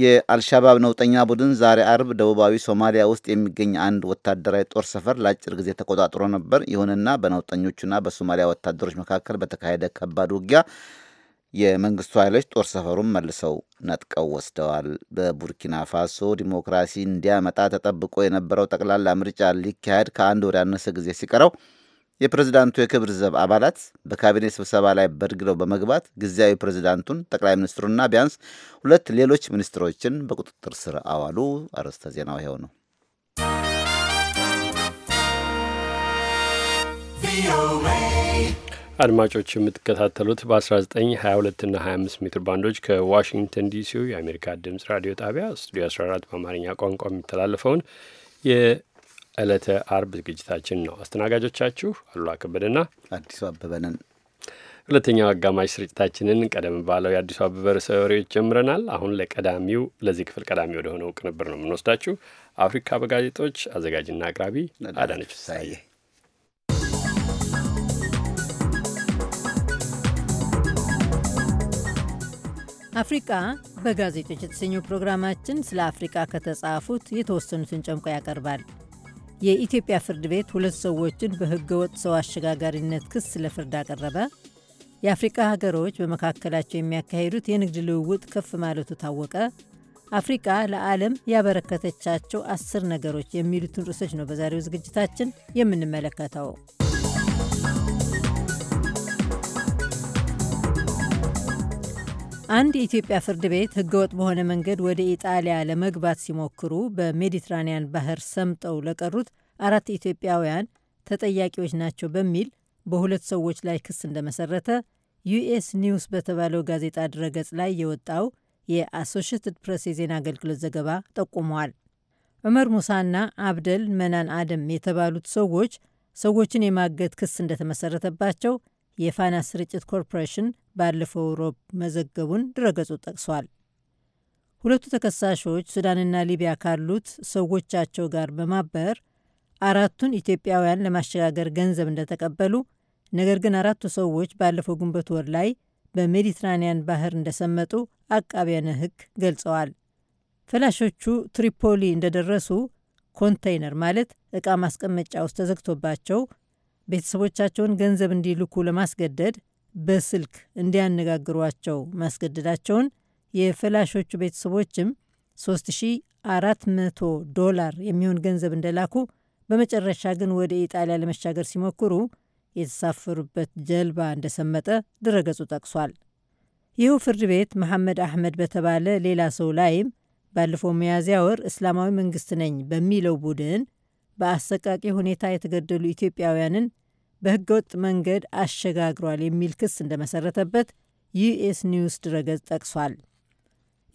የአልሻባብ ነውጠኛ ቡድን ዛሬ አርብ ደቡባዊ ሶማሊያ ውስጥ የሚገኝ አንድ ወታደራዊ ጦር ሰፈር ለአጭር ጊዜ ተቆጣጥሮ ነበር። ይሁንና በነውጠኞቹና በሶማሊያ ወታደሮች መካከል በተካሄደ ከባድ ውጊያ የመንግስቱ ኃይሎች ጦር ሰፈሩን መልሰው ነጥቀው ወስደዋል። በቡርኪና ፋሶ ዲሞክራሲ እንዲያመጣ ተጠብቆ የነበረው ጠቅላላ ምርጫ ሊካሄድ ከአንድ ወር ያነሰ ጊዜ ሲቀረው የፕሬዝዳንቱ የክብር ዘብ አባላት በካቢኔ ስብሰባ ላይ በድግለው በመግባት ጊዜያዊ ፕሬዝዳንቱን፣ ጠቅላይ ሚኒስትሩና ቢያንስ ሁለት ሌሎች ሚኒስትሮችን በቁጥጥር ስር አዋሉ። አርዕስተ ዜናው ይኸው ነው። አድማጮች የምትከታተሉት በ1922 እና 25 ሜትር ባንዶች ከዋሽንግተን ዲሲው የአሜሪካ ድምፅ ራዲዮ ጣቢያ ስቱዲዮ 14 በአማርኛ ቋንቋ የሚተላለፈውን ዕለተ አርብ ዝግጅታችን ነው። አስተናጋጆቻችሁ አሉላ ከበደና አዲሱ አበበ ነን። ሁለተኛው አጋማሽ ስርጭታችንን ቀደም ባለው የአዲሱ አበበ ርዕሰ ወሬዎች ጀምረናል። አሁን ለቀዳሚው ለዚህ ክፍል ቀዳሚ ወደሆነው ቅንብር ነው የምንወስዳችሁ። አፍሪካ በጋዜጦች አዘጋጅና አቅራቢ አዳነች ሳየ አፍሪቃ በጋዜጦች የተሰኘው ፕሮግራማችን ስለ አፍሪቃ ከተጻፉት የተወሰኑትን ጨምቆ ያቀርባል። የኢትዮጵያ ፍርድ ቤት ሁለት ሰዎችን በህገወጥ ሰው አሸጋጋሪነት ክስ ለፍርድ አቀረበ። የአፍሪቃ ሀገሮች በመካከላቸው የሚያካሂዱት የንግድ ልውውጥ ከፍ ማለቱ ታወቀ። አፍሪቃ ለዓለም ያበረከተቻቸው አስር ነገሮች የሚሉትን ርዕሶች ነው በዛሬው ዝግጅታችን የምንመለከተው። አንድ የኢትዮጵያ ፍርድ ቤት ህገወጥ በሆነ መንገድ ወደ ኢጣሊያ ለመግባት ሲሞክሩ በሜዲትራኒያን ባህር ሰምጠው ለቀሩት አራት ኢትዮጵያውያን ተጠያቂዎች ናቸው በሚል በሁለት ሰዎች ላይ ክስ እንደመሰረተ ዩኤስ ኒውስ በተባለው ጋዜጣ ድረገጽ ላይ የወጣው የአሶሽትድ ፕሬስ የዜና አገልግሎት ዘገባ ጠቁመዋል። ዑመር ሙሳና አብደል መናን አደም የተባሉት ሰዎች ሰዎችን የማገት ክስ እንደተመሰረተባቸው የፋና ስርጭት ኮርፖሬሽን ባለፈው ሮብ መዘገቡን ድረገጹ ጠቅሷል። ሁለቱ ተከሳሾች ሱዳንና ሊቢያ ካሉት ሰዎቻቸው ጋር በማበር አራቱን ኢትዮጵያውያን ለማሸጋገር ገንዘብ እንደተቀበሉ፣ ነገር ግን አራቱ ሰዎች ባለፈው ግንቦት ወር ላይ በሜዲትራኒያን ባህር እንደሰመጡ አቃቢያነ ሕግ ገልጸዋል። ፈላሾቹ ትሪፖሊ እንደደረሱ ኮንቴይነር ማለት ዕቃ ማስቀመጫ ውስጥ ተዘግቶባቸው ቤተሰቦቻቸውን ገንዘብ እንዲልኩ ለማስገደድ በስልክ እንዲያነጋግሯቸው ማስገደዳቸውን የፈላሾቹ ቤተሰቦችም 3400 ዶላር የሚሆን ገንዘብ እንደላኩ በመጨረሻ ግን ወደ ኢጣሊያ ለመሻገር ሲሞክሩ የተሳፈሩበት ጀልባ እንደሰመጠ ድረገጹ ጠቅሷል። ይህው ፍርድ ቤት መሐመድ አህመድ በተባለ ሌላ ሰው ላይም ባለፈው መያዝያ ወር እስላማዊ መንግስት ነኝ በሚለው ቡድን በአሰቃቂ ሁኔታ የተገደሉ ኢትዮጵያውያንን በህገወጥ መንገድ አሸጋግሯል የሚል ክስ እንደመሰረተበት ዩኤስ ኒውስ ድረገጽ ጠቅሷል።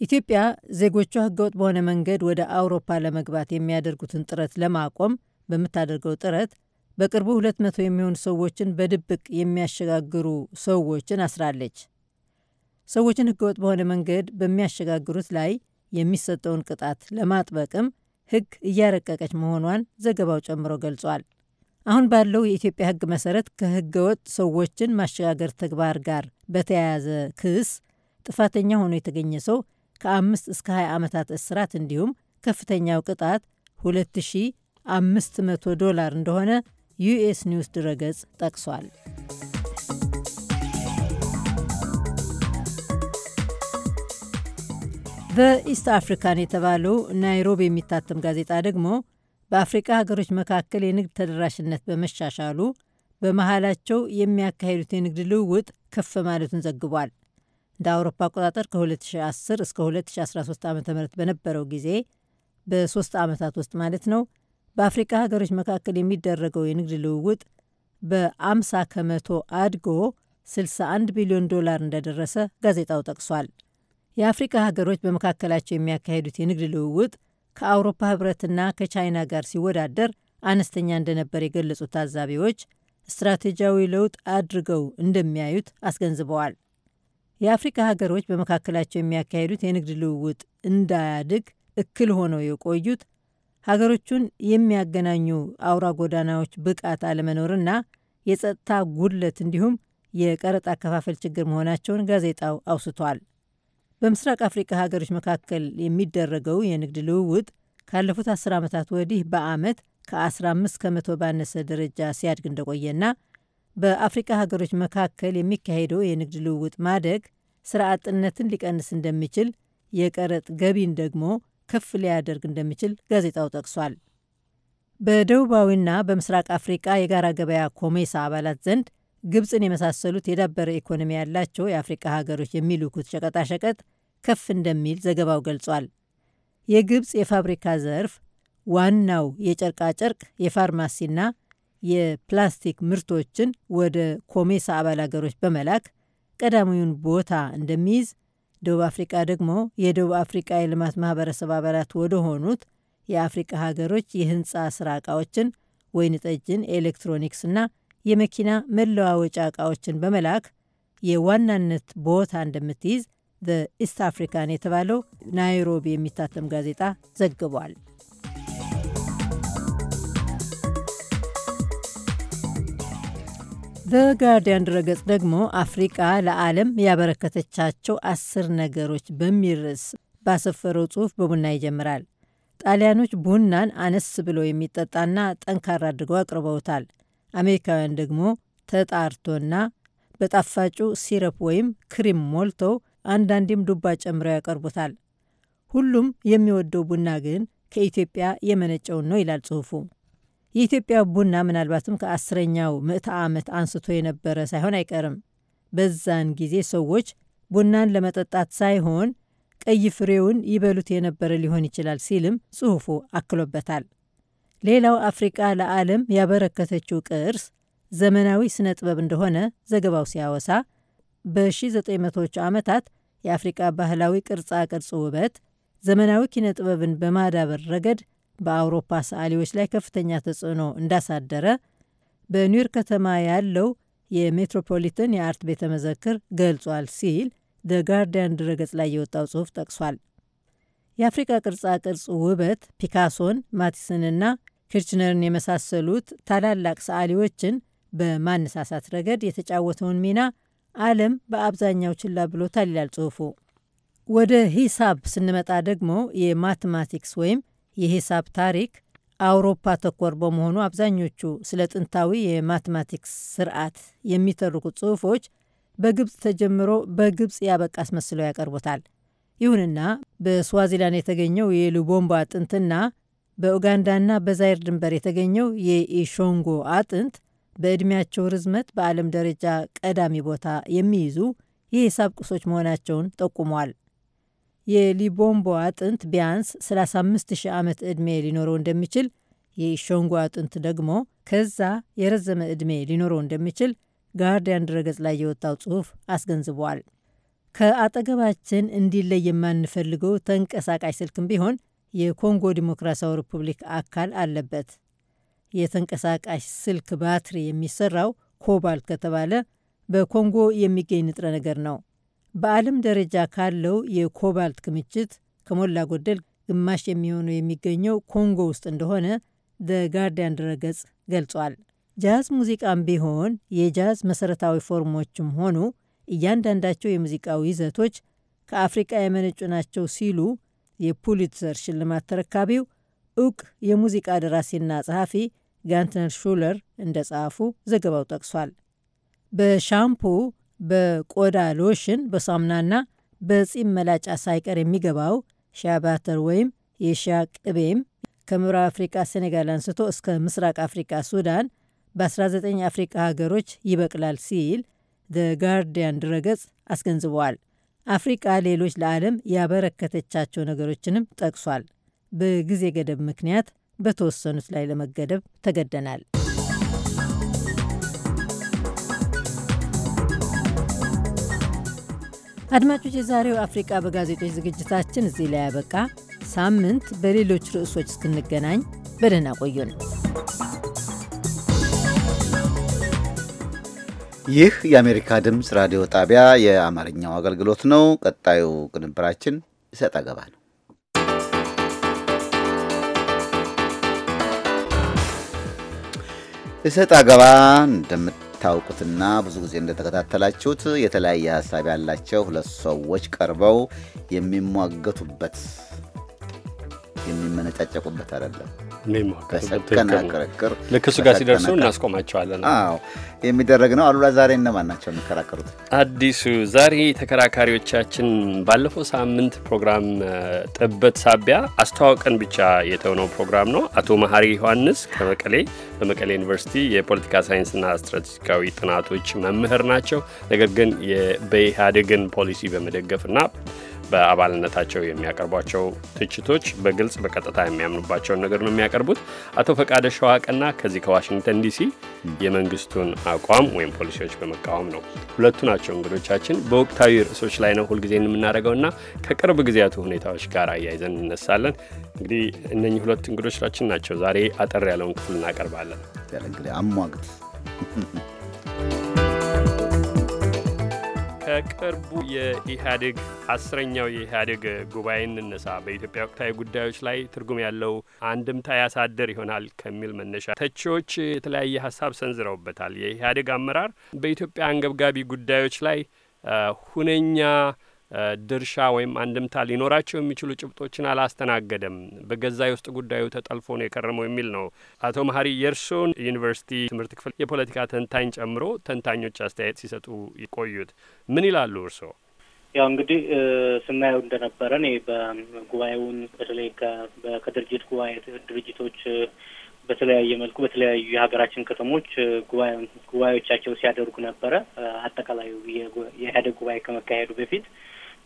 ኢትዮጵያ ዜጎቿ ህገወጥ በሆነ መንገድ ወደ አውሮፓ ለመግባት የሚያደርጉትን ጥረት ለማቆም በምታደርገው ጥረት በቅርቡ 200 የሚሆኑ ሰዎችን በድብቅ የሚያሸጋግሩ ሰዎችን አስራለች። ሰዎችን ህገወጥ በሆነ መንገድ በሚያሸጋግሩት ላይ የሚሰጠውን ቅጣት ለማጥበቅም ህግ እያረቀቀች መሆኗን ዘገባው ጨምሮ ገልጿል። አሁን ባለው የኢትዮጵያ ሕግ መሰረት ወጥ ሰዎችን ማሸጋገር ተግባር ጋር በተያያዘ ክስ ጥፋተኛ ሆኖ የተገኘ ሰው ከአምስት እስከ 20 ዓመታት እስራት እንዲሁም ከፍተኛው ቅጣት 2500 ዶላር እንደሆነ ዩኤስ ኒውስ ድረገጽ ጠቅሷል። በኢስት አፍሪካን የተባለው ናይሮቢ የሚታተም ጋዜጣ ደግሞ በአፍሪቃ ሀገሮች መካከል የንግድ ተደራሽነት በመሻሻሉ በመሃላቸው የሚያካሂዱት የንግድ ልውውጥ ከፍ ማለቱን ዘግቧል። እንደ አውሮፓ አቆጣጠር ከ2010 እስከ 2013 ዓ ም በነበረው ጊዜ በሶስት ዓመታት ውስጥ ማለት ነው በአፍሪቃ ሀገሮች መካከል የሚደረገው የንግድ ልውውጥ በ50 ከመቶ አድጎ 61 ቢሊዮን ዶላር እንደደረሰ ጋዜጣው ጠቅሷል። የአፍሪካ ሀገሮች በመካከላቸው የሚያካሂዱት የንግድ ልውውጥ ከአውሮፓ ህብረትና ከቻይና ጋር ሲወዳደር አነስተኛ እንደነበር የገለጹት ታዛቢዎች ስትራቴጂያዊ ለውጥ አድርገው እንደሚያዩት አስገንዝበዋል። የአፍሪካ ሀገሮች በመካከላቸው የሚያካሂዱት የንግድ ልውውጥ እንዳያድግ እክል ሆነው የቆዩት ሀገሮቹን የሚያገናኙ አውራ ጎዳናዎች ብቃት አለመኖርና የጸጥታ ጉድለት እንዲሁም የቀረጥ አከፋፈል ችግር መሆናቸውን ጋዜጣው አውስቷል። በምስራቅ አፍሪካ ሀገሮች መካከል የሚደረገው የንግድ ልውውጥ ካለፉት አስር ዓመታት ወዲህ በአመት ከ15 ከመቶ ባነሰ ደረጃ ሲያድግ እንደቆየና በአፍሪካ ሀገሮች መካከል የሚካሄደው የንግድ ልውውጥ ማደግ ስራ አጥነትን ሊቀንስ እንደሚችል፣ የቀረጥ ገቢን ደግሞ ከፍ ሊያደርግ እንደሚችል ጋዜጣው ጠቅሷል። በደቡባዊና በምስራቅ አፍሪቃ የጋራ ገበያ ኮሜሳ አባላት ዘንድ ግብፅን የመሳሰሉት የዳበረ ኢኮኖሚ ያላቸው የአፍሪቃ ሀገሮች የሚልኩት ሸቀጣሸቀጥ ከፍ እንደሚል ዘገባው ገልጿል። የግብፅ የፋብሪካ ዘርፍ ዋናው የጨርቃጨርቅ የፋርማሲና የፕላስቲክ ምርቶችን ወደ ኮሜሳ አባል ሀገሮች በመላክ ቀዳሚውን ቦታ እንደሚይዝ፣ ደቡብ አፍሪቃ ደግሞ የደቡብ አፍሪቃ የልማት ማህበረሰብ አባላት ወደ ሆኑት የአፍሪቃ ሀገሮች የህንፃ ስራ እቃዎችን፣ ወይን ጠጅን፣ ኤሌክትሮኒክስና የመኪና መለዋወጫ እቃዎችን በመላክ የዋናነት ቦታ እንደምትይዝ ኢስት አፍሪካን የተባለው ናይሮቢ የሚታተም ጋዜጣ ዘግቧል። በጋርዲያን ድረገጽ ደግሞ አፍሪቃ ለዓለም ያበረከተቻቸው አስር ነገሮች በሚል ርዕስ ባሰፈረው ጽሑፍ በቡና ይጀምራል። ጣሊያኖች ቡናን አነስ ብሎ የሚጠጣና ጠንካራ አድርገው አቅርበውታል። አሜሪካውያን ደግሞ ተጣርቶና በጣፋጩ ሲረፕ ወይም ክሪም ሞልተው አንዳንዴም ዱባ ጨምረው ያቀርቡታል። ሁሉም የሚወደው ቡና ግን ከኢትዮጵያ የመነጨውን ነው ይላል ጽሑፉ። የኢትዮጵያ ቡና ምናልባትም ከአስረኛው ምዕተ ዓመት አንስቶ የነበረ ሳይሆን አይቀርም። በዛን ጊዜ ሰዎች ቡናን ለመጠጣት ሳይሆን ቀይ ፍሬውን ይበሉት የነበረ ሊሆን ይችላል ሲልም ጽሑፉ አክሎበታል። ሌላው አፍሪቃ ለዓለም ያበረከተችው ቅርስ ዘመናዊ ስነ ጥበብ እንደሆነ ዘገባው ሲያወሳ በ1900ዎቹ ዓመታት የአፍሪቃ ባህላዊ ቅርጻ ቅርጽ ውበት ዘመናዊ ኪነ ጥበብን በማዳበር ረገድ በአውሮፓ ሰዓሊዎች ላይ ከፍተኛ ተጽዕኖ እንዳሳደረ በኒውዮርክ ከተማ ያለው የሜትሮፖሊተን የአርት ቤተ መዘክር ገልጿል ሲል ደ ጋርዲያን ድረገጽ ላይ የወጣው ጽሑፍ ጠቅሷል። የአፍሪካ ቅርጻ ቅርጽ ውበት ፒካሶን፣ ማቲስንና ኪርችነርን የመሳሰሉት ታላላቅ ሰዓሊዎችን በማነሳሳት ረገድ የተጫወተውን ሚና ዓለም በአብዛኛው ችላ ብሎታል ይላል ጽሑፉ። ወደ ሂሳብ ስንመጣ ደግሞ የማትማቲክስ ወይም የሂሳብ ታሪክ አውሮፓ ተኮር በመሆኑ አብዛኞቹ ስለ ጥንታዊ የማትማቲክስ ስርዓት የሚተርኩት ጽሑፎች በግብፅ ተጀምሮ በግብፅ ያበቃ አስመስለው ያቀርቡታል። ይሁንና በስዋዚላንድ የተገኘው የሉቦምቦ አጥንትና በኡጋንዳና በዛይር ድንበር የተገኘው የኢሾንጎ አጥንት በዕድሜያቸው ርዝመት በዓለም ደረጃ ቀዳሚ ቦታ የሚይዙ የሂሳብ ቁሶች መሆናቸውን ጠቁሟል። የሊቦምቦ አጥንት ቢያንስ 35000 ዓመት ዕድሜ ሊኖረው እንደሚችል፣ የኢሾንጎ አጥንት ደግሞ ከዛ የረዘመ ዕድሜ ሊኖረው እንደሚችል ጋርዲያን ድረገጽ ላይ የወጣው ጽሑፍ አስገንዝቧል። ከአጠገባችን እንዲለይ የማንፈልገው ተንቀሳቃሽ ስልክም ቢሆን የኮንጎ ዲሞክራሲያዊ ሪፑብሊክ አካል አለበት። የተንቀሳቃሽ ስልክ ባትሪ የሚሰራው ኮባልት ከተባለ በኮንጎ የሚገኝ ንጥረ ነገር ነው። በዓለም ደረጃ ካለው የኮባልት ክምችት ከሞላ ጎደል ግማሽ የሚሆነው የሚገኘው ኮንጎ ውስጥ እንደሆነ ደ ጋርዲያን ድረገጽ ገልጿል። ጃዝ ሙዚቃም ቢሆን የጃዝ መሰረታዊ ፎርሞችም ሆኑ እያንዳንዳቸው የሙዚቃዊ ይዘቶች ከአፍሪቃ የመነጩ ናቸው ሲሉ የፑሊትዘር ሽልማት ተረካቢው እውቅ የሙዚቃ ደራሲና ጸሐፊ ጋንትነር ሹለር እንደ ጻፉ ዘገባው ጠቅሷል። በሻምፑ በቆዳ ሎሽን፣ በሳሙናና በጺም መላጫ ሳይቀር የሚገባው ሻባተር ባተር ወይም የሻ ቅቤም ከምዕራብ አፍሪቃ ሴኔጋል አንስቶ እስከ ምስራቅ አፍሪቃ ሱዳን በ19 አፍሪቃ ሀገሮች ይበቅላል ሲል ዘ ጋርዲያን ድረገጽ አስገንዝበዋል። አፍሪቃ ሌሎች ለዓለም ያበረከተቻቸው ነገሮችንም ጠቅሷል። በጊዜ ገደብ ምክንያት በተወሰኑት ላይ ለመገደብ ተገደናል። አድማጮች፣ የዛሬው አፍሪቃ በጋዜጦች ዝግጅታችን እዚህ ላይ ያበቃ። ሳምንት በሌሎች ርዕሶች እስክንገናኝ በደህና ቆዩን። ይህ የአሜሪካ ድምፅ ራዲዮ ጣቢያ የአማርኛው አገልግሎት ነው። ቀጣዩ ቅንብራችን ይሰጥ አገባ ነው። እሰጥ አገባ እንደምታውቁትና ብዙ ጊዜ እንደተከታተላችሁት የተለያየ ሀሳብ ያላቸው ሁለት ሰዎች ቀርበው የሚሟገቱበት የሚመነጫጨቁበት አይደለም በሰከነ ክርክር ልክሱ ጋር ሲደርሱ እናስቆማቸዋለን። አዎ የሚደረግ ነው። አሉላ ዛሬ እነማን ናቸው የሚከራከሩት? አዲሱ ዛሬ ተከራካሪዎቻችን ባለፈው ሳምንት ፕሮግራም ጥበት ሳቢያ አስተዋውቀን ብቻ የተውነው ፕሮግራም ነው። አቶ መሀሪ ዮሐንስ ከመቀሌ በመቀሌ ዩኒቨርሲቲ የፖለቲካ ሳይንስና ስትራቴጂካዊ ጥናቶች መምህር ናቸው። ነገር ግን በኢህአዴግን ፖሊሲ በመደገፍና በአባልነታቸው የሚያቀርቧቸው ትችቶች በግልጽ በቀጥታ የሚያምኑባቸውን ነገር ነው የሚያቀርቡት። አቶ ፈቃደ ሸዋቅና ከዚህ ከዋሽንግተን ዲሲ የመንግስቱን አቋም ወይም ፖሊሲዎች በመቃወም ነው። ሁለቱ ናቸው እንግዶቻችን። በወቅታዊ ርዕሶች ላይ ነው ሁልጊዜ የምናደርገውና ከቅርብ ጊዜያቱ ሁኔታዎች ጋር አያይዘን እነሳለን። እንግዲህ እነኚህ ሁለቱ እንግዶቻችን ናቸው። ዛሬ አጠር ያለውን ክፍል እናቀርባለን። እንግዲህ አሟግት ከቅርቡ የኢህአዴግ አስረኛው የኢህአዴግ ጉባኤ እንነሳ። በኢትዮጵያ ወቅታዊ ጉዳዮች ላይ ትርጉም ያለው አንድምታ ያሳደር ይሆናል ከሚል መነሻ ተቺዎች የተለያየ ሀሳብ ሰንዝረውበታል። የኢህአዴግ አመራር በኢትዮጵያ አንገብጋቢ ጉዳዮች ላይ ሁነኛ ድርሻ ወይም አንድምታ ሊኖራቸው የሚችሉ ጭብጦችን አላስተናገደም። በገዛ የውስጥ ጉዳዩ ተጠልፎ ነው የከረመው የሚል ነው። አቶ መሀሪ የእርስዎን ዩኒቨርሲቲ ትምህርት ክፍል የፖለቲካ ተንታኝ ጨምሮ ተንታኞች አስተያየት ሲሰጡ የቆዩት ምን ይላሉ እርስዎ? ያው እንግዲህ ስናየው እንደነበረ እኔ በጉባኤውን በተለይ ከድርጅት ጉባኤ ድርጅቶች በተለያየ መልኩ በተለያዩ የሀገራችን ከተሞች ጉባኤዎቻቸው ሲያደርጉ ነበረ። አጠቃላዩ የኢህአዴግ ጉባኤ ከመካሄዱ በፊት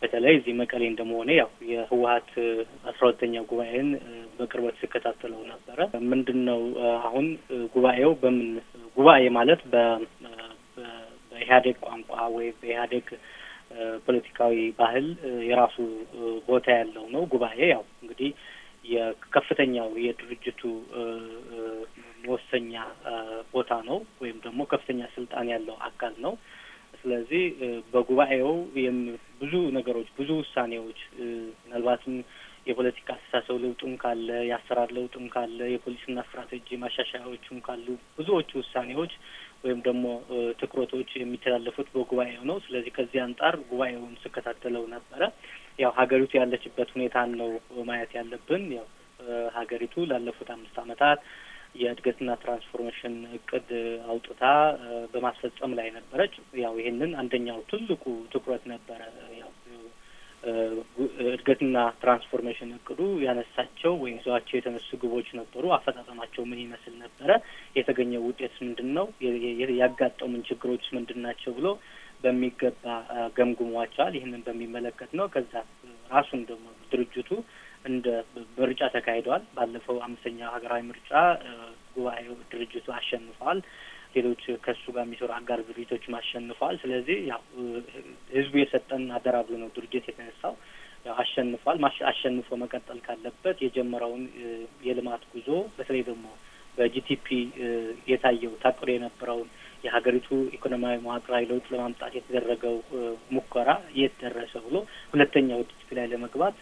በተለይ እዚህ መቀሌ እንደመሆነ ያው የህወሀት አስራ ሁለተኛ ጉባኤን በቅርበት ሲከታተለው ነበረ። ምንድን ነው አሁን ጉባኤው በምን ጉባኤ ማለት በኢህአዴግ ቋንቋ ወይም በኢህአዴግ ፖለቲካዊ ባህል የራሱ ቦታ ያለው ነው። ጉባኤ ያው እንግዲህ የከፍተኛው የድርጅቱ መወሰኛ ቦታ ነው ወይም ደግሞ ከፍተኛ ስልጣን ያለው አካል ነው። ስለዚህ በጉባኤው ብዙ ነገሮች፣ ብዙ ውሳኔዎች ምናልባትም የፖለቲካ አስተሳሰብ ለውጡም ካለ የአሰራር ለውጡም ካለ የፖሊሲና ስትራቴጂ ማሻሻያዎችም ካሉ ብዙዎቹ ውሳኔዎች ወይም ደግሞ ትኩረቶች የሚተላለፉት በጉባኤው ነው። ስለዚህ ከዚህ አንጻር ጉባኤውን ስከታተለው ነበረ። ያው ሀገሪቱ ያለችበት ሁኔታን ነው ማየት ያለብን። ያው ሀገሪቱ ላለፉት አምስት ዓመታት የእድገትና ትራንስፎርሜሽን እቅድ አውጥታ በማስፈጸም ላይ ነበረች። ያው ይህንን አንደኛው ትልቁ ትኩረት ነበረ። ያው እድገትና ትራንስፎርሜሽን እቅዱ ያነሳቸው ወይም ይዘዋቸው የተነሱ ግቦች ነበሩ። አፈጻጸማቸው ምን ይመስል ነበረ? የተገኘው ውጤት ምንድን ነው? ያጋጠሙን ችግሮች ምንድን ናቸው? ብሎ በሚገባ ገምግሟቸዋል። ይህንን በሚመለከት ነው። ከዛ ራሱን ደግሞ ድርጅቱ እንደ ምርጫ ተካሂደዋል። ባለፈው አምስተኛ ሀገራዊ ምርጫ ጉባኤው ድርጅቱ አሸንፈዋል። ሌሎች ከሱ ጋር የሚሰሩ አጋር ድርጅቶችም አሸንፈዋል። ስለዚህ ያው ህዝቡ የሰጠን አደራብሎ ነው ድርጅት የተነሳው። ያው አሸንፏል። አሸንፎ መቀጠል ካለበት የጀመረውን የልማት ጉዞ በተለይ ደግሞ በጂቲፒ የታየው ታቅዶ የነበረውን የሀገሪቱ ኢኮኖሚያዊ መዋቅራዊ ለውጥ ለማምጣት የተደረገው ሙከራ የት ደረሰ ብሎ ሁለተኛ ውድጅት ላይ ለመግባት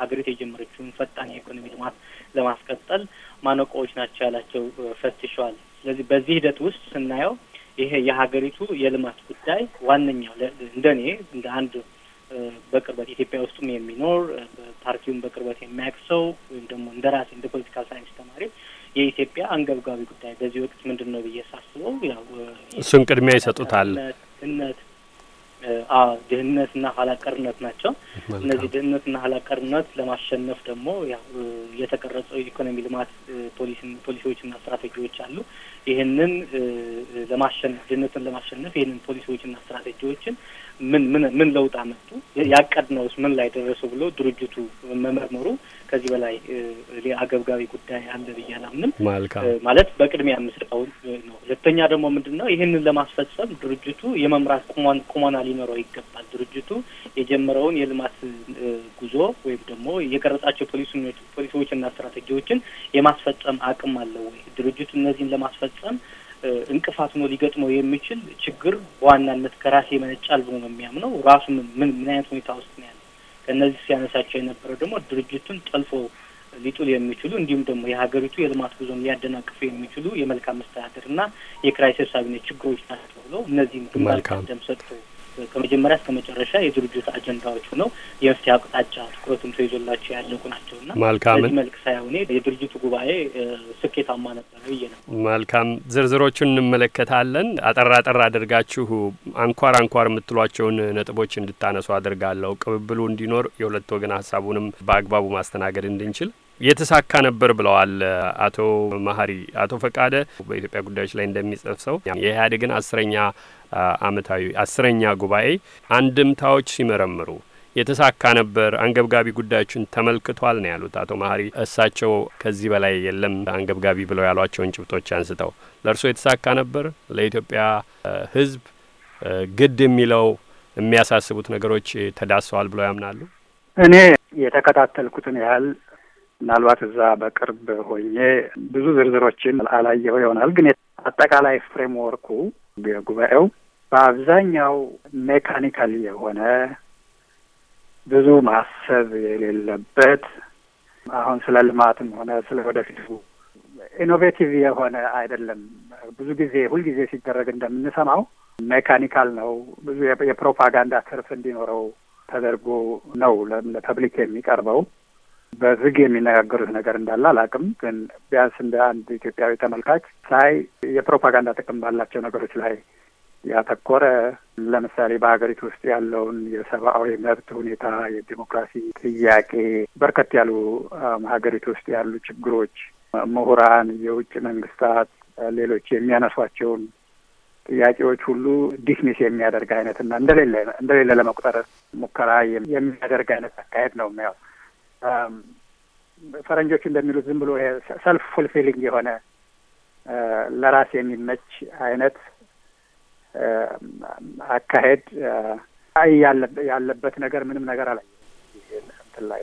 ሀገሪቱ የጀመረችውን ፈጣን የኢኮኖሚ ልማት ለማስቀጠል ማነቆዎች ናቸው ያላቸው ፈትሸዋል። ስለዚህ በዚህ ሂደት ውስጥ ስናየው ይሄ የሀገሪቱ የልማት ጉዳይ ዋነኛው እንደኔ እንደ አንድ በቅርበት ኢትዮጵያ ውስጥም የሚኖር ፓርቲውን በቅርበት የሚያውቅ ሰው ወይም ደግሞ እንደ ራሴ እንደ ፖለቲካል ሳይንስ ተማሪ የኢትዮጵያ አንገብጋቢ ጉዳይ በዚህ ወቅት ምንድን ነው ብዬ ሳስበው ያው እሱን ቅድሚያ ይሰጡታል። ድህነት ድህነትና ኋላቀርነት ናቸው። እነዚህ ድህነትና ኋላቀርነት ለማሸነፍ ደግሞ ያው የተቀረጸው የኢኮኖሚ ልማት ፖሊሲዎችና ስትራቴጂዎች አሉ። ይህንን ለማሸነፍ ድህነትን ለማሸነፍ ይህንን ፖሊሲዎችና ስትራቴጂዎችን ምን ምን ምን ለውጥ አመጡ፣ ያቀድነውስ ምን ላይ ደረሱ ብሎ ድርጅቱ መመርመሩ ከዚህ በላይ አገብጋቢ ጉዳይ አለ ብዬ አላምንም። ማለት በቅድሚያ የምሰጠው ነው። ሁለተኛ ደግሞ ምንድን ነው ይህንን ለማስፈጸም ድርጅቱ የመምራት ቁመና ሊኖረው ይገባል። ድርጅቱ የጀመረውን የልማት ጉዞ ወይም ደግሞ የቀረጻቸው ፖሊሲዎችና ስትራቴጂዎችን የማስፈጸም አቅም አለው ወይ? ድርጅቱ እነዚህን ለማስፈጸም እንቅፋት ነው ሊገጥመው የሚችል ችግር በዋናነት ከራሴ የመነጫል ብሎ ነው የሚያምነው። ራሱ ምን ምን አይነት ሁኔታ ውስጥ ነው ያለ ከእነዚህ ሲያነሳቸው የነበረው ደግሞ ድርጅቱን ጠልፎ ሊጡል የሚችሉ እንዲሁም ደግሞ የሀገሪቱ የልማት ጉዞን ሊያደናቅፉ የሚችሉ የመልካም መስተዳደር እና የኪራይ ሰብሳቢነት ችግሮች ናቸው ብለው እነዚህም ግንባር ቀደም ሰጥቶ ከመጀመሪያ እስከ መጨረሻ የድርጅት አጀንዳዎች ሆነው የመፍትሄ አቅጣጫ ትኩረትም ተይዞላቸው ያለቁ ና መልካም መልክ ሳይሆኔ የድርጅቱ ጉባኤ ስኬታማ ነበር ብዬ ነው። መልካም ዝርዝሮቹን እንመለከታለን። አጠር አጠር አድርጋችሁ አንኳር አንኳር የምትሏቸውን ነጥቦች እንድታነሱ አድርጋለሁ። ቅብብሉ እንዲኖር የሁለት ወገን ሀሳቡንም በአግባቡ ማስተናገድ እንድንችል የተሳካ ነበር ብለዋል አቶ መሀሪ። አቶ ፈቃደ በኢትዮጵያ ጉዳዮች ላይ እንደሚጽፍ ሰው የኢህአዴግን አስረኛ አመታዊ አስረኛ ጉባኤ አንድምታዎች ሲመረምሩ የተሳካ ነበር፣ አንገብጋቢ ጉዳዮችን ተመልክቷል ነው ያሉት አቶ መሀሪ። እሳቸው ከዚህ በላይ የለም አንገብጋቢ ብለው ያሏቸውን ጭብጦች አንስተው ለእርስዎ የተሳካ ነበር፣ ለኢትዮጵያ ሕዝብ ግድ የሚለው የሚያሳስቡት ነገሮች ተዳሰዋል ብለው ያምናሉ? እኔ የተከታተልኩትን ያህል ምናልባት እዛ በቅርብ ሆኜ ብዙ ዝርዝሮችን አላየው ይሆናል። ግን አጠቃላይ ፍሬምወርኩ የጉባኤው በአብዛኛው ሜካኒካል የሆነ ብዙ ማሰብ የሌለበት አሁን ስለ ልማትም ሆነ ስለ ወደፊቱ ኢኖቬቲቭ የሆነ አይደለም። ብዙ ጊዜ ሁልጊዜ ሲደረግ እንደምንሰማው ሜካኒካል ነው። ብዙ የፕሮፓጋንዳ ትርፍ እንዲኖረው ተደርጎ ነው ለፐብሊክ የሚቀርበው። በዝግ የሚነጋገሩት ነገር እንዳለ አላውቅም፣ ግን ቢያንስ እንደ አንድ ኢትዮጵያዊ ተመልካች ሳይ የፕሮፓጋንዳ ጥቅም ባላቸው ነገሮች ላይ ያተኮረ ለምሳሌ በሀገሪቱ ውስጥ ያለውን የሰብአዊ መብት ሁኔታ፣ የዲሞክራሲ ጥያቄ፣ በርከት ያሉ ሀገሪቱ ውስጥ ያሉ ችግሮች ምሁራን፣ የውጭ መንግስታት፣ ሌሎች የሚያነሷቸውን ጥያቄዎች ሁሉ ዲስሚስ የሚያደርግ አይነት እና እንደሌለ እንደሌለ ለመቁጠር ሙከራ የሚያደርግ አይነት አካሄድ ነው ያው ፈረንጆች እንደሚሉት ዝም ብሎ ሰልፍ ፉልፊሊንግ የሆነ ለራስ የሚመች አይነት አካሄድ ያለበት ነገር ምንም ነገር አላየ እንትን ላይ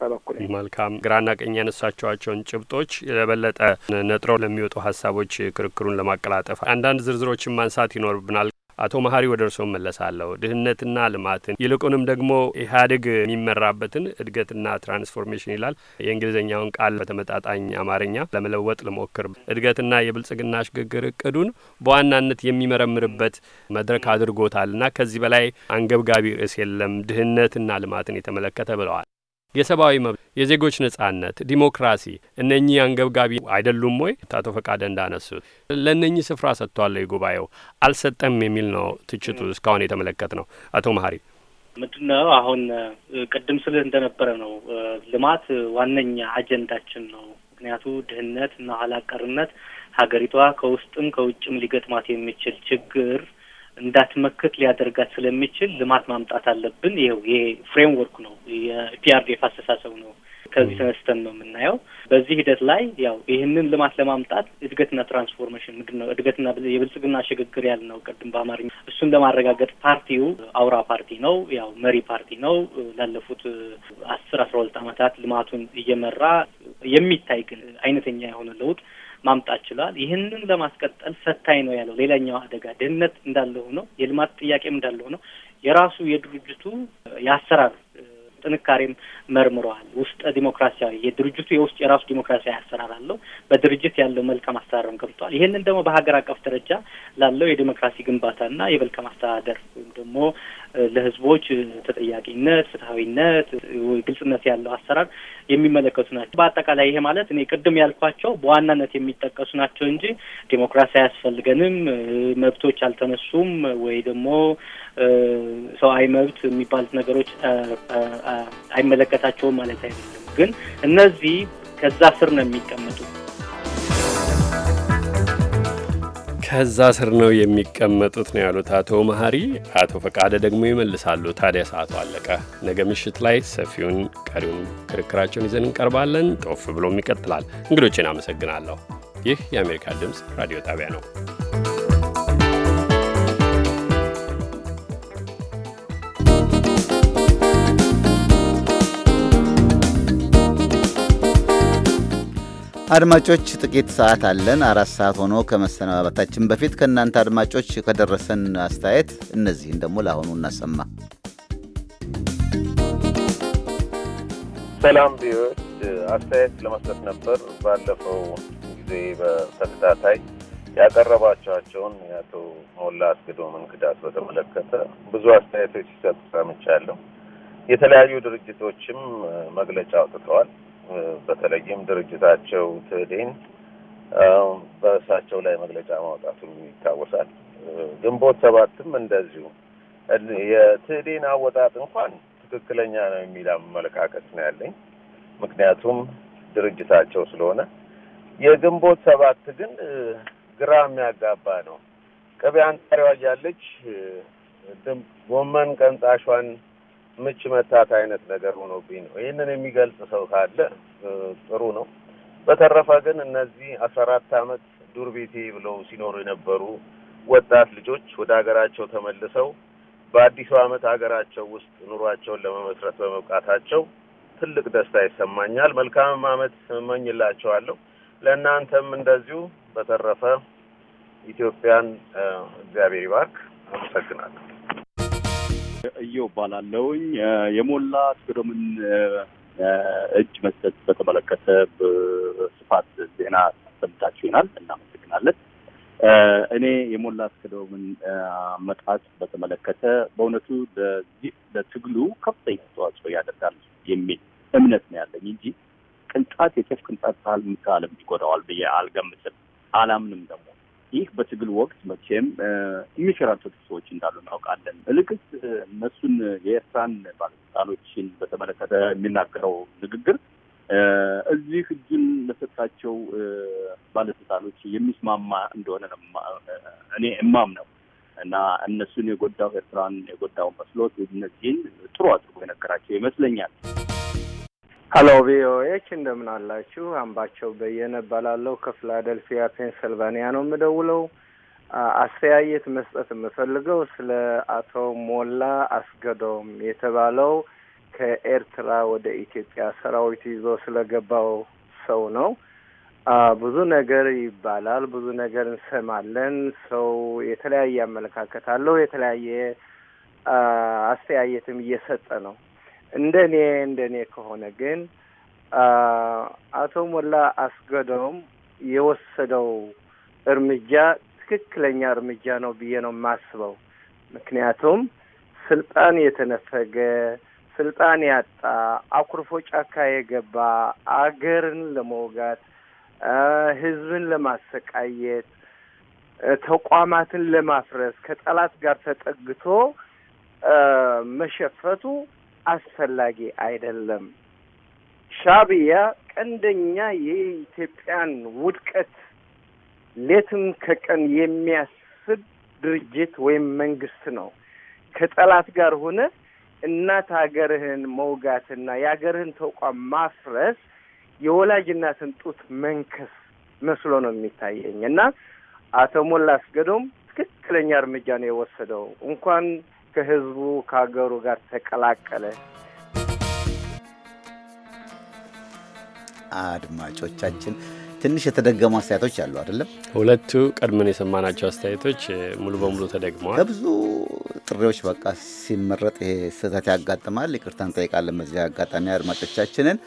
በበኩል መልካም ግራና ቀኝ ያነሳቸዋቸውን ጭብጦች የበለጠ ነጥረው ለሚወጡ ሀሳቦች ክርክሩን ለማቀላጠፍ አንዳንድ ዝርዝሮችን ማንሳት ይኖርብናል። አቶ መሀሪ ወደ እርስዎ መለሳለሁ። ድህነትና ልማትን ይልቁንም ደግሞ ኢህአዴግ የሚመራበትን እድገትና ትራንስፎርሜሽን ይላል። የእንግሊዝኛውን ቃል በተመጣጣኝ አማርኛ ለመለወጥ ልሞክር። እድገትና የብልጽግና ሽግግር እቅዱን በዋናነት የሚመረምርበት መድረክ አድርጎታልና ከዚህ በላይ አንገብጋቢ ርዕስ የለም ድህነትና ልማትን የተመለከተ ብለዋል። የሰብአዊ መብት፣ የዜጎች ነጻነት፣ ዲሞክራሲ እነኚህ አንገብጋቢ አይደሉም ወይ? አቶ ፈቃደ እንዳነሱት ለእነኚህ ስፍራ ሰጥቷለሁ ጉባኤው አልሰጠም የሚል ነው ትችቱ እስካሁን የተመለከት ነው። አቶ መሀሪ ምንድን ነው አሁን ቅድም ስልህ እንደነበረ ነው ልማት ዋነኛ አጀንዳችን ነው። ምክንያቱ ድህነት እና ኋላ ሀገሪቷ ከውስጥም ከውጭም ሊገጥማት የሚችል ችግር እንዳትመክት ሊያደርጋት ስለሚችል ልማት ማምጣት አለብን። ይኸው ይሄ ፍሬምወርክ ነው፣ የፒአርዲኤፍ አስተሳሰብ ነው። ከዚህ ተነስተን ነው የምናየው። በዚህ ሂደት ላይ ያው ይህንን ልማት ለማምጣት እድገትና ትራንስፎርሜሽን ምንድን ነው? እድገትና የብልጽግና ሽግግር ያልነው ቅድም በአማርኛ እሱን ለማረጋገጥ ፓርቲው አውራ ፓርቲ ነው፣ ያው መሪ ፓርቲ ነው። ላለፉት አስር አስራ ሁለት ዓመታት ልማቱን እየመራ የሚታይ ግን አይነተኛ የሆነ ለውጥ ማምጣት ችሏል። ይህንን ለማስቀጠል ፈታኝ ነው ያለው ሌላኛው አደጋ ድህነት እንዳለ ሆኖ የልማት ጥያቄም እንዳለ ሆኖ የራሱ የድርጅቱ የአሰራር ጥንካሬም መርምረዋል። ውስጥ ዲሞክራሲያዊ የድርጅቱ የውስጥ የራሱ ዲሞክራሲያዊ አሰራር አለው። በድርጅት ያለው መልካም አሰራርም ገብቷል። ይህንን ደግሞ በሀገር አቀፍ ደረጃ ላለው የዲሞክራሲ ግንባታና የመልካም አስተዳደር ወይም ደግሞ ለህዝቦች ተጠያቂነት፣ ፍትሐዊነት፣ ግልጽነት ያለው አሰራር የሚመለከቱ ናቸው። በአጠቃላይ ይሄ ማለት እኔ ቅድም ያልኳቸው በዋናነት የሚጠቀሱ ናቸው እንጂ ዴሞክራሲ አያስፈልገንም፣ መብቶች አልተነሱም፣ ወይ ደግሞ ሰብአዊ መብት የሚባሉት ነገሮች አይመለከታቸውም ማለት አይደለም። ግን እነዚህ ከዛ ስር ነው የሚቀመጡት። ከዛ ስር ነው የሚቀመጡት ነው ያሉት አቶ መሀሪ። አቶ ፈቃደ ደግሞ ይመልሳሉ። ታዲያ ሰዓቱ አለቀ። ነገ ምሽት ላይ ሰፊውን ቀሪውን ክርክራቸውን ይዘን እንቀርባለን። ጦፍ ብሎም ይቀጥላል። እንግዶችን አመሰግናለሁ። ይህ የአሜሪካ ድምፅ ራዲዮ ጣቢያ ነው። አድማጮች ጥቂት ሰዓት አለን። አራት ሰዓት ሆኖ ከመሰነባበታችን በፊት ከእናንተ አድማጮች ከደረሰን አስተያየት እነዚህን ደግሞ ለአሁኑ እናሰማ። ሰላም ቢዎች አስተያየት ለመስጠት ነበር። ባለፈው ጊዜ በተከታታይ ያቀረባቸዋቸውን የአቶ ሞላ አስገዶምን ክዳት በተመለከተ ብዙ አስተያየቶች ሲሰጡ ሰምቻለሁ። የተለያዩ ድርጅቶችም መግለጫ አውጥተዋል። በተለይም ድርጅታቸው ትህዴን በእሳቸው ላይ መግለጫ ማውጣቱ ይታወሳል። ግንቦት ሰባትም እንደዚሁ የትህዴን አወጣጥ እንኳን ትክክለኛ ነው የሚል አመለካከት ነው ያለኝ ምክንያቱም ድርጅታቸው ስለሆነ። የግንቦት ሰባት ግን ግራ የሚያጋባ ነው። ቅቤ አንጣሪዋ እያለች ጎመን ቀንጣሿን ምች መታት አይነት ነገር ሆኖብኝ ነው። ይህንን የሚገልጽ ሰው ካለ ጥሩ ነው። በተረፈ ግን እነዚህ አስራ አራት አመት ዱር ቤቴ ብለው ሲኖሩ የነበሩ ወጣት ልጆች ወደ ሀገራቸው ተመልሰው በአዲሱ አመት ሀገራቸው ውስጥ ኑሯቸውን ለመመስረት በመብቃታቸው ትልቅ ደስታ ይሰማኛል። መልካምም አመት እመኝላቸዋለሁ። ለእናንተም እንደዚሁ። በተረፈ ኢትዮጵያን እግዚአብሔር ይባርክ። አመሰግናለሁ። እየው ባላለውኝ የሞላ ቴዎድሮስን እጅ መስጠት በተመለከተ በስፋት ዜና ሰምታችሁ ይሆናል። እናመሰግናለን። እኔ የሞላ ቴዎድሮስን መጣት በተመለከተ በእውነቱ ለዚህ ለትግሉ ከፍተኛ አስተዋጽኦ ያደርጋል የሚል እምነት ነው ያለኝ እንጂ ቅንጣት የጤፍ ቅንጣት ሳል ምሳለም ይጎዳዋል ብዬ አልገምትም፣ አላምንም ደግሞ ይህ በትግል ወቅት መቼም የሚሸራተቱ ሰዎች እንዳሉ እናውቃለን። እልቅስ እነሱን የኤርትራን ባለስልጣኖችን በተመለከተ የሚናገረው ንግግር እዚህ እጁን ለሰጣቸው ባለስልጣኖች የሚስማማ እንደሆነ እኔ እማም ነው እና እነሱን የጎዳው ኤርትራን የጎዳውን መስሎት እነዚህን ጥሩ አድርጎ የነገራቸው ይመስለኛል። ሀሎ ቪኦኤች እንደምን አላችሁ? አምባቸው በየነ እባላለሁ። ከፊላደልፊያ ፔንሰልቫኒያ ነው የምደውለው። አስተያየት መስጠት የምፈልገው ስለ አቶ ሞላ አስገዶም የተባለው ከኤርትራ ወደ ኢትዮጵያ ሰራዊት ይዞ ስለገባው ሰው ነው። ብዙ ነገር ይባላል፣ ብዙ ነገር እንሰማለን። ሰው የተለያየ አመለካከት አለው፣ የተለያየ አስተያየትም እየሰጠ ነው። እንደ እኔ እንደ እኔ ከሆነ ግን አቶ ሞላ አስገዶም የወሰደው እርምጃ ትክክለኛ እርምጃ ነው ብዬ ነው የማስበው። ምክንያቱም ስልጣን የተነፈገ ስልጣን ያጣ አኩርፎ ጫካ የገባ አገርን ለመውጋት ህዝብን ለማሰቃየት ተቋማትን ለማፍረስ ከጠላት ጋር ተጠግቶ መሸፈቱ አስፈላጊ አይደለም። ሻቢያ ቀንደኛ የኢትዮጵያን ውድቀት ሌትም ከቀን የሚያስብ ድርጅት ወይም መንግስት ነው። ከጠላት ጋር ሆነ እናት ሀገርህን መውጋትና የሀገርህን ተቋም ማፍረስ የወላጅናትን ጡት መንከስ መስሎ ነው የሚታየኝ እና አቶ ሞላ አስገዶም ትክክለኛ እርምጃ ነው የወሰደው እንኳን ከህዝቡ ከሀገሩ ጋር ተቀላቀለ። አድማጮቻችን ትንሽ የተደገሙ አስተያየቶች አሉ አይደለም። ሁለቱ ቀድመን የሰማናቸው አስተያየቶች ሙሉ በሙሉ ተደግመዋል። ከብዙ ጥሪዎች በቃ ሲመረጥ ይሄ ስህተት ያጋጥማል። ይቅርታ እንጠይቃለን። በዚህ አጋጣሚ አድማጮቻችንን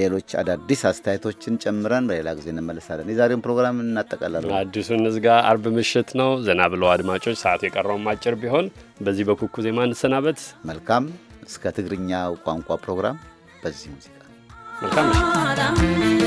ሌሎች አዳዲስ አስተያየቶችን ጨምረን በሌላ ጊዜ እንመለሳለን። የዛሬውን ፕሮግራም እናጠቃላለን። አዲሱን እዝጋ አርብ ምሽት ነው። ዘና ብለው አድማጮች፣ ሰዓቱ የቀረውም አጭር ቢሆን በዚህ በኩኩ ዜማ እንሰናበት። መልካም እስከ ትግርኛ ቋንቋ ፕሮግራም በዚህ ሙዚቃ መልካም ምሽት።